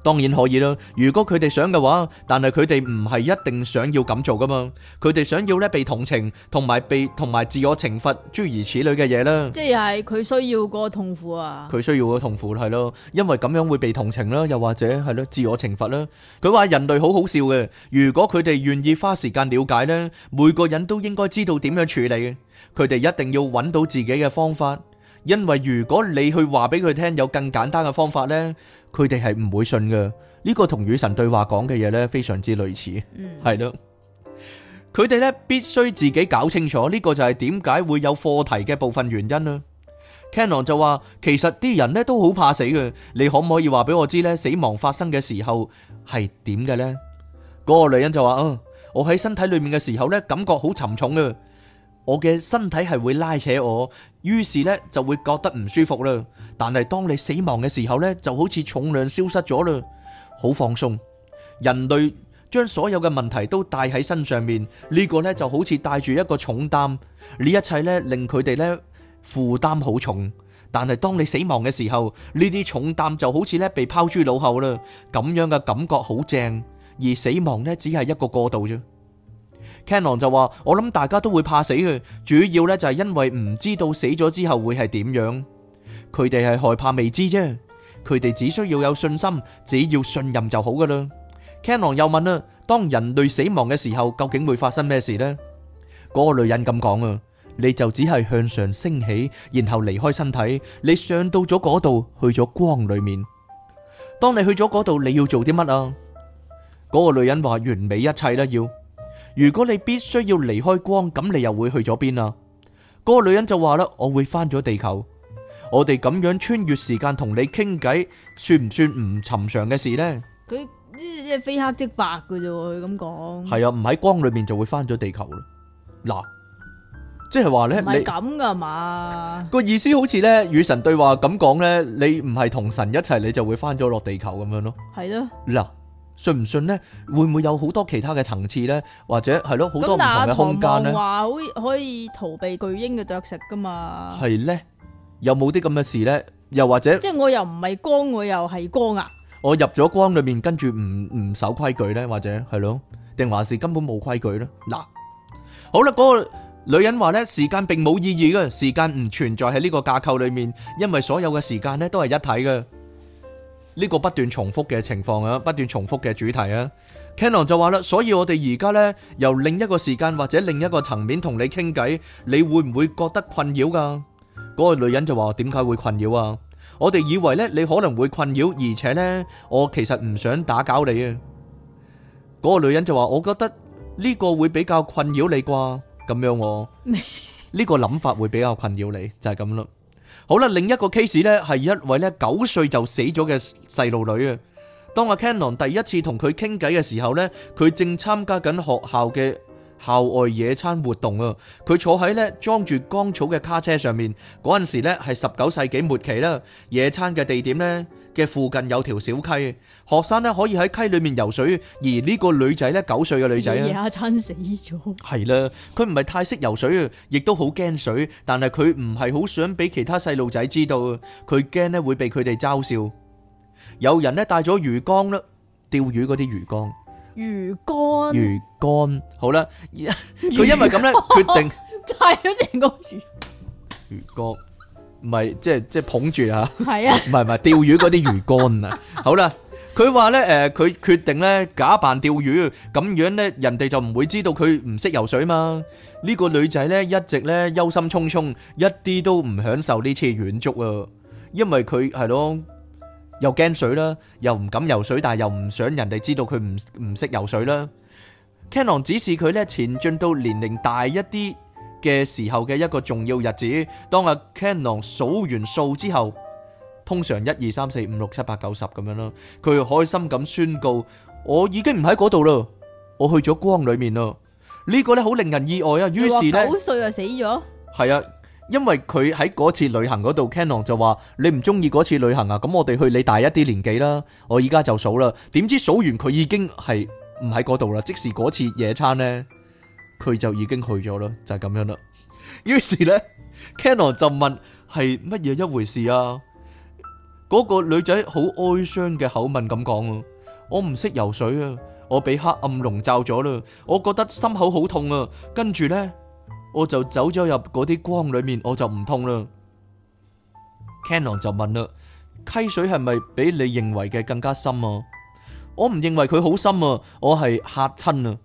Speaker 1: 當然可以啦，如果佢哋想嘅話，但係佢哋唔係一定想要咁做噶嘛，佢哋想要咧，被同情，同埋被同埋自我懲罰諸如此類嘅嘢啦。即
Speaker 2: 係佢需要個痛苦啊！
Speaker 1: 佢需要個痛苦係咯，因為咁樣會被同情啦，又或者係咯自我懲罰啦。佢話人類好好笑嘅，如果佢哋願意花時間了解呢，每個人都應該知道點樣處理。佢哋一定要揾到自己嘅方法。因為如果你去話俾佢聽有更簡單嘅方法咧，佢哋係唔會信嘅。呢個同與神對話講嘅嘢咧，非常之類似。係咯，佢哋咧必須自己搞清楚。呢個就係點解會有課題嘅部分原因啦。Canon 就話，其實啲人咧都好怕死嘅。你可唔可以話俾我知咧？死亡發生嘅時候係點嘅咧？嗰個女人就話：嗯，我喺身體裏面嘅時候咧，感覺好沉重嘅。我嘅身體係會拉扯我，於是呢就會覺得唔舒服啦。但係當你死亡嘅時候呢，就好似重量消失咗啦，好放鬆。人類將所有嘅問題都帶喺身上面，呢個呢就好似帶住一個重擔，呢一切呢令佢哋呢負擔好重。但係當你死亡嘅時候，呢啲重擔就好似呢被拋諸腦後啦，咁樣嘅感覺好正。而死亡呢只係一個過渡啫。Kenon 就話：，我諗大家都會怕死嘅，主要咧就係因為唔知道死咗之後會係點樣，佢哋係害怕未知啫。佢哋只需要有信心，只要信任就好噶啦。Kenon 又問啦：，當人類死亡嘅時候，究竟會發生咩事呢？」嗰個女人咁講啊，你就只係向上升起，然後離開身體，你上到咗嗰度，去咗光裏面。當你去咗嗰度，你要做啲乜啊？嗰個女人話：，完美一切啦，要。如果你必須要離開光，咁你又會去咗邊啊？嗰個女人就話啦：我會翻咗地球。我哋咁樣穿越時間同你傾偈，算唔算唔尋常嘅事呢？
Speaker 2: 佢即係非黑即白嘅啫，佢咁講。係啊，
Speaker 1: 唔喺光裏面就會翻咗地球啦。嗱，即係話你唔係咁噶嘛。個意思好似呢：「與神對話咁講呢，你唔係同神一齊，你就會翻咗落地球咁樣咯。」係咯的。嗱。信唔信呢？會唔會有好多其他嘅層次呢？或者係咯，好多唔同嘅空間咧？咁話
Speaker 2: 可，可以逃避巨嬰嘅啄食噶嘛？係
Speaker 1: 呢，有冇啲咁嘅事呢？又或者即
Speaker 2: 係我又唔係光，我又係光啊！
Speaker 1: 我入咗光裏面，跟住唔唔守規矩呢？或者係咯，定還是，是根本冇規矩呢？嗱，好啦，嗰、嗰個女人話呢，時間並冇意義噶，時間唔存在喺呢個架構裏面，因為所有嘅時間呢都係一體噶。呢個不斷重複嘅情況啊，不斷重複嘅主題啊，Kenon 就話啦，所以我哋而家呢，由另一個時間或者另一個層面同你傾偈，你會唔會覺得困擾噶？嗰個女人就話：點解會困擾啊？我哋以為呢，你可能會困擾，而且呢，我其實唔想打攪你啊。嗰個女人就話：我覺得呢個會比較困擾你啩，咁樣我呢個諗法會比較困擾你，就係咁咯。好啦，另一個 case 咧，係一位咧，九歲就死咗嘅細路女啊。當阿 Canon 第一次同佢傾偈嘅時候咧，佢正參加緊學校嘅校外野餐活動啊！佢坐喺咧裝住乾草嘅卡車上面，嗰陣時咧係十九世紀末期啦。野餐嘅地點呢嘅附近有條小溪，學生呢可以喺溪裏面游水。而呢個女仔咧九歲嘅女仔啊，
Speaker 2: 浸死咗。
Speaker 1: 係啦，佢唔係太識游水啊，亦都好驚水。但係佢唔係好想俾其他細路仔知道，佢驚咧會俾佢哋嘲笑。有人呢帶咗魚缸啦，釣魚嗰啲魚缸。
Speaker 2: 魚竿，魚
Speaker 1: 竿，好啦，佢肝因為咁咧，肝決定
Speaker 2: 就係咗成個魚
Speaker 1: 魚竿，唔係即係即係捧住是啊， 係啊，唔係唔係釣魚嗰啲魚竿啊， 好啦，佢話咧誒，佢、呃、決定咧假扮釣魚，咁樣咧人哋就唔會知道佢唔識游水嘛。呢、這個女仔咧一直咧憂心忡忡，一啲都唔享受呢次遠足啊，因為佢係咯。又驚水啦，又唔敢游水，但係又唔想人哋知道佢唔唔識游水啦。Cannon 指示佢咧，前進到年齡大一啲嘅時候嘅一個重要日子。當阿 Cannon 數完數之後，通常一二三四五六七八九十咁樣咯，佢開心咁宣告：我已經唔喺嗰度咯，我去咗光裏面咯。呢個咧好令人意外啊！於是咧，九
Speaker 2: 歲啊，死咗。
Speaker 1: 係啊。因為佢喺嗰次旅行嗰度，Canon 就話你唔中意嗰次旅行啊，咁我哋去你大一啲年紀啦。我依家就數啦，點知數完佢已經係唔喺嗰度啦。即時嗰次野餐呢，佢就已經去咗咯，就係、是、咁樣啦。 於是呢 Canon 就問係乜嘢一回事啊？嗰、那個女仔好哀傷嘅口吻咁講：我唔識游水啊，我俾、啊、黑暗籠罩咗啦，我覺得心口好痛啊。跟住呢。我就走咗入嗰啲光裏面，我就唔痛啦。Canon 就問啦，溪水係咪比你認為嘅更加深啊？我唔認為佢好深啊，我係嚇親啊！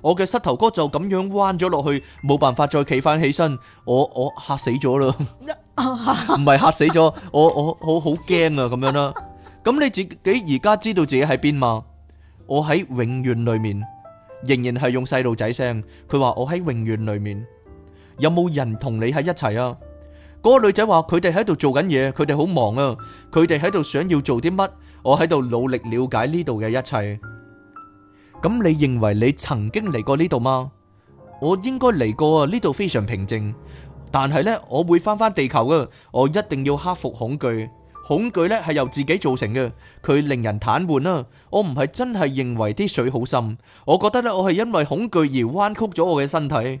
Speaker 1: 我嘅膝頭哥就咁樣彎咗落去，冇辦法再企翻起身。我我嚇死咗咯，
Speaker 2: 唔係
Speaker 1: 嚇死咗，我我好好驚啊！咁樣啦，咁你自己而家知道自己喺邊嘛？我喺永遠裏面，仍然係用細路仔聲。佢話我喺永遠裏面。有冇人同你喺一齊啊？嗰個女仔話佢哋喺度做緊嘢，佢哋好忙啊！佢哋喺度想要做啲乜？我喺度努力了解呢度嘅一切。咁你認為你曾經嚟過呢度嗎？我應該嚟過啊！呢度非常平靜，但係呢，我會翻返地球噶，我一定要克服恐懼。恐懼呢係由自己造成嘅，佢令人癱瘓啊！我唔係真係認為啲水好深，我覺得呢，我係因為恐懼而彎曲咗我嘅身體。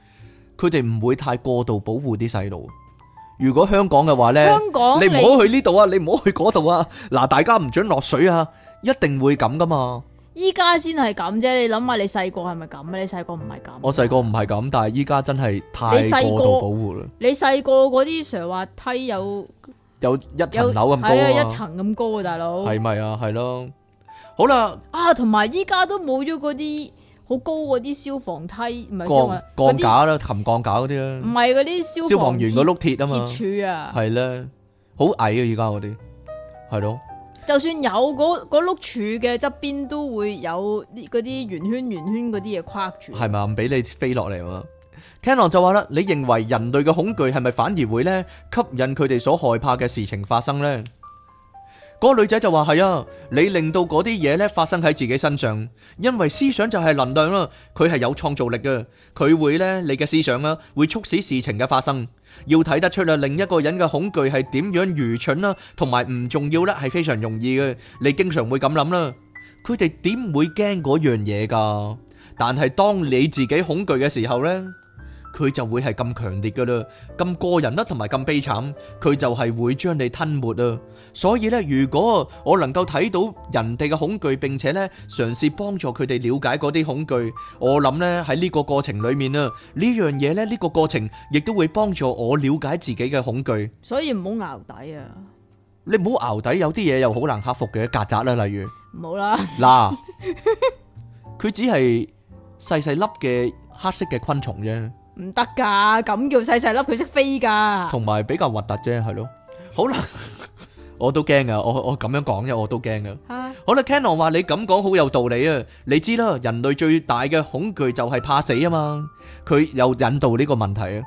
Speaker 1: 佢哋唔會太過度保護啲細路。如果香港嘅話咧，香港，你唔好去呢度啊，你唔好去嗰度啊。嗱，大家唔准落水啊，一定會咁噶嘛。
Speaker 2: 依家先係咁啫，你諗下你細個係咪咁啊？你細個唔係咁。
Speaker 1: 我細個唔係咁，但係依家真係太過度保護啦。
Speaker 2: 你細個嗰啲斜滑梯有
Speaker 1: 有一層樓咁高啊？係啊，一層
Speaker 2: 咁高啊，大佬。係
Speaker 1: 咪啊？係咯。好啦。
Speaker 2: 啊，同埋依家都冇咗嗰啲。好高嗰啲消防梯，唔係鋼架
Speaker 1: 啦，琴鋼架嗰啲啦，
Speaker 2: 唔係嗰啲消防消防員嗰碌鐵啊嘛，鐵柱啊，係
Speaker 1: 啦，好矮啊！而家嗰啲係咯，
Speaker 2: 就算有嗰嗰碌柱嘅側邊都會有嗰啲圓圈圓圈嗰啲嘢框住，
Speaker 1: 係咪唔俾你飛落嚟啊？聽落就話啦，你認為人類嘅恐懼係咪反而會咧吸引佢哋所害怕嘅事情發生咧？嗰個女仔就話係啊，你令到嗰啲嘢呢發生喺自己身上，因為思想就係能量啦，佢係有創造力嘅，佢會呢，你嘅思想啦，啊，會促使事情嘅發生。要睇得出啦，另一個人嘅恐懼係點樣愚蠢啦，同埋唔重要呢係非常容易嘅。你經常會咁諗啦，佢哋點會驚嗰樣嘢㗎？但係當你自己恐懼嘅時候呢。佢就會係咁強烈噶啦，咁個人啦，同埋咁悲慘，佢就係會將你吞沒啊！所以咧，如果我能夠睇到人哋嘅恐懼，並且咧嘗試幫助佢哋了解嗰啲恐懼，我諗咧喺呢個過程裏面啊，呢樣嘢咧呢個過程亦都會幫助我了解自己嘅恐懼。
Speaker 2: 所以唔好淆底啊！
Speaker 1: 你唔好淆底，有啲嘢又好難克服嘅，曱甴啦，例如唔好啦嗱，佢只係細細粒嘅黑色嘅昆蟲啫。
Speaker 2: 唔得噶，咁叫細細粒，佢識飛噶，同
Speaker 1: 埋比較核突啫，係咯。好啦，我都驚噶我我咁樣講啫，我都驚噶。好啦，Kenon 話你咁講好有道理啊，你知啦，人類最大嘅恐懼就係怕死啊嘛。佢又引導呢個問題啊，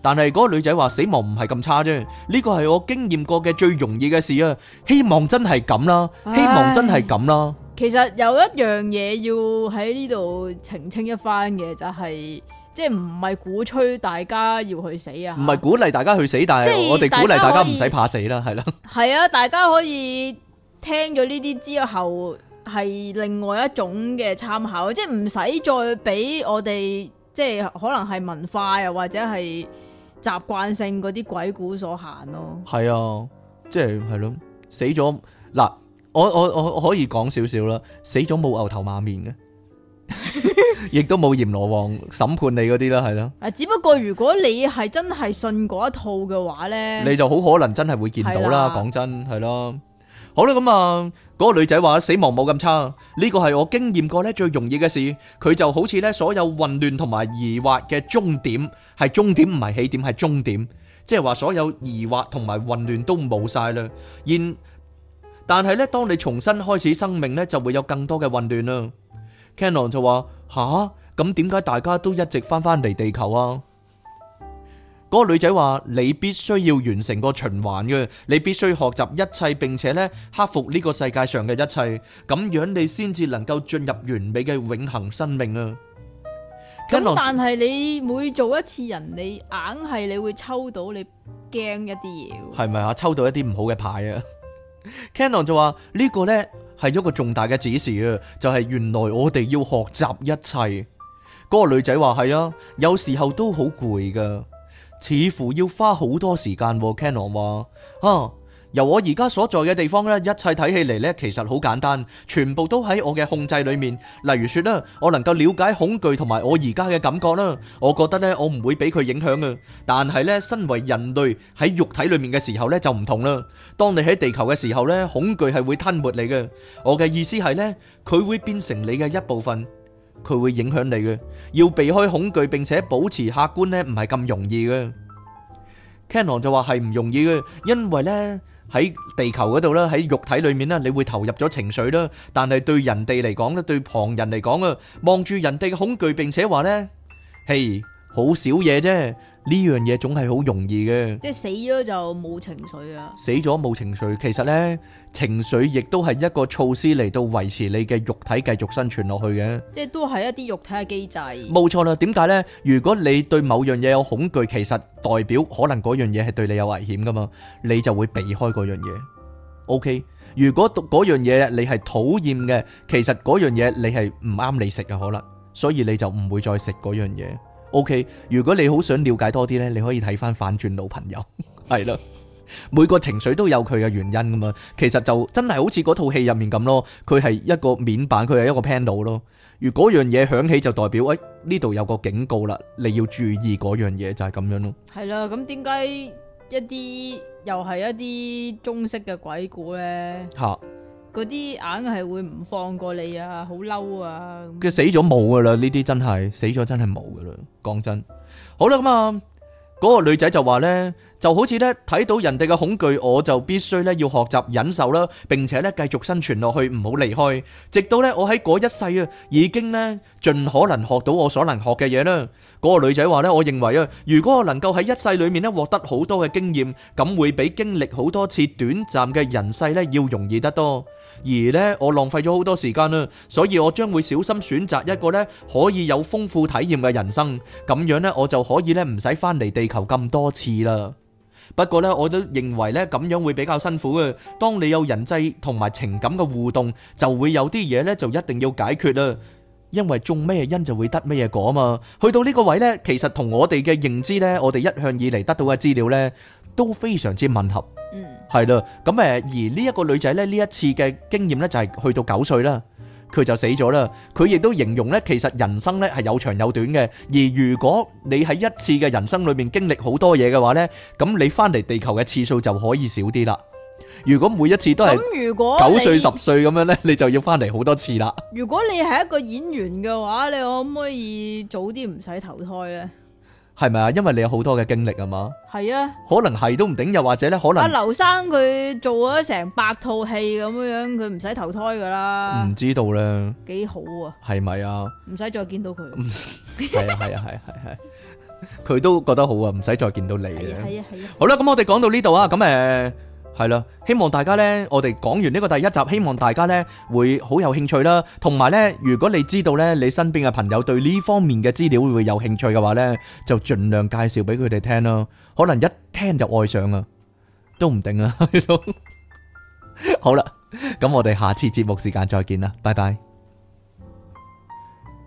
Speaker 1: 但係嗰個女仔話死亡唔係咁差啫，呢個係我經驗過嘅最容易嘅事啊。希望真係咁啦，希望真係咁啦。
Speaker 2: 其實有一樣嘢要喺呢度澄清一番嘅就係。即係唔係鼓吹大家要去死啊？唔係
Speaker 1: 鼓勵大家去死，但係我哋鼓勵大家唔使怕死啦，係啦。
Speaker 2: 係啊，大家可以聽咗呢啲之後，係另外一種嘅參考，即係唔使再俾我哋，即係可能係文化又或者係習慣性嗰啲鬼故所限咯。
Speaker 1: 係啊，即係係咯，死咗，嗱，我我我可以講少少啦，死咗冇牛頭馬面嘅。亦都冇閻羅王審判你嗰啲啦，係咯。
Speaker 2: 誒，只不過如果你係真係信嗰一套嘅話呢，你
Speaker 1: 就好可能真係會見到啦。講真，係咯。好啦，咁啊，嗰個女仔話死亡冇咁差，呢個係我經驗過呢最容易嘅事。佢就好似呢所有混亂同埋疑惑嘅終點，係終點，唔係起點，係終點。即係話所有疑惑同埋混亂都冇晒啦。然，但係呢，當你重新開始生命呢，就會有更多嘅混亂啦。Canon 就話吓咁點解大家都一直翻返嚟地球啊？嗰、那個女仔話：你必須要完成個循環嘅，你必須學習一切，並且咧克服呢個世界上嘅一切，咁樣你先至能夠進入完美嘅永恆生命啊！咁但係
Speaker 2: 你每做一次人，你硬係你會抽到你驚一啲嘢，
Speaker 1: 係咪啊？抽到一啲唔好嘅牌啊！ Canon 就話呢個呢係一個重大嘅指示啊，就係、是、原來我哋要學習一切。嗰、那個女仔話係啊，有時候都好攰㗎，似乎要花好多時間，啊。Canon 話啊。由我而家所在嘅地方咧，一切睇起嚟咧，其實好簡單，全部都喺我嘅控制裏面。例如說咧，我能夠了解恐懼同埋我而家嘅感覺啦。我覺得咧，我唔會俾佢影響嘅。但係咧，身為人類喺肉體裏面嘅時候咧，就唔同啦。當你喺地球嘅時候咧，恐懼係會吞沒你嘅。我嘅意思係咧，佢會變成你嘅一部分，佢會影響你嘅。要避開恐懼並且保持客觀咧，唔係咁容易嘅。Kenon 就話係唔容易嘅，因為咧。喺地球嗰度啦，喺肉體裏面啦，你會投入咗情緒啦，但係對人哋嚟講咧，對旁人嚟講啊，望住人哋嘅恐懼並且話呢：「嘿，好少嘢啫。呢樣嘢總係好容易嘅，
Speaker 2: 即係死咗就冇情緒啊！
Speaker 1: 死咗冇情緒，其實呢情緒亦都係一個措施嚟到維持你嘅肉體繼續生存落去嘅，
Speaker 2: 即係都係一啲肉體嘅機制。
Speaker 1: 冇錯啦，點解呢？如果你對某樣嘢有恐懼，其實代表可能嗰樣嘢係對你有危險噶嘛，你就會避開嗰樣嘢。OK，如果讀嗰樣嘢你係討厭嘅，其實嗰樣嘢你係唔啱你食嘅可能，所以你就唔會再食嗰樣嘢。OK，如果你好想了解多啲呢，你可以睇翻《反轉腦朋友》，係啦。每個情緒都有佢嘅原因㗎嘛。其實就真係好似嗰套戲入面咁咯，佢係一個面板，佢係一個 panel 咯。如果樣嘢響起，就代表誒呢度有個警告啦，你要注意嗰樣嘢就係咁樣咯。
Speaker 2: 係啦，咁點解一啲又係一啲中式嘅鬼故呢？吓？嗰啲硬係會唔放過你啊，好嬲啊！
Speaker 1: 佢死咗冇㗎喇，呢啲真係死咗真係冇㗎喇，講真。好啦，咁啊，嗰個女仔就話咧。就好似咧睇到人哋嘅恐懼，我就必須咧要學習忍受啦，並且咧繼續生存落去，唔好離開，直到咧我喺嗰一世啊，已經咧盡可能學到我所能學嘅嘢啦。嗰個女仔話咧，我認為啊，如果我能夠喺一世裏面咧獲得好多嘅經驗，咁會比經歷好多次短暫嘅人世咧要容易得多。而咧我浪費咗好多時間啦，所以我將會小心選擇一個咧可以有豐富體驗嘅人生，咁樣咧我就可以咧唔使翻嚟地球咁多次啦。不過呢，我都認為呢，咁樣會比較辛苦嘅。當你有人際同埋情感嘅互動，就會有啲嘢呢就一定要解決啦。因為種咩因就會得咩果嘛。去到呢個位呢，其實同我哋嘅認知呢，我哋一向以嚟得到嘅資料呢都非常之吻合。嗯，係啦。咁誒，而呢一個女仔呢，呢一次嘅經驗呢，就係去到九歲啦。佢就死咗啦。佢亦都形容呢，其實人生呢係有長有短嘅。而如果你喺一次嘅人生裏面經歷好多嘢嘅話呢，咁你翻嚟地球嘅次數就可以少啲啦。如果每一次都係九歲十歲咁樣呢，你就要翻嚟好多次啦。
Speaker 2: 如果你係一個演員嘅話，你可唔可以早啲唔使投胎呢？
Speaker 1: 係咪啊？因為你有好多嘅經歷啊嘛，係啊，可能係都唔定，又或者咧，可能阿劉
Speaker 2: 生佢做咗成百套戲咁樣，佢唔使投胎噶啦，唔
Speaker 1: 知道咧，幾好啊，係咪啊？
Speaker 2: 唔使再見到佢，唔
Speaker 1: 使，係啊係啊係係係，佢都覺得好啊，唔使再見到你嘅，係啊係啊，好啦，咁我哋講到呢度啊，咁誒。係啦，希望大家呢，我哋講完呢個第一集，希望大家呢會好有興趣啦。同埋呢，如果你知道呢，你身邊嘅朋友對呢方面嘅資料會有興趣嘅話呢，就盡量介紹俾佢哋聽咯。可能一聽就愛上啦，都唔定啊。 好啦，咁我哋下次節目時間再見啦，拜拜。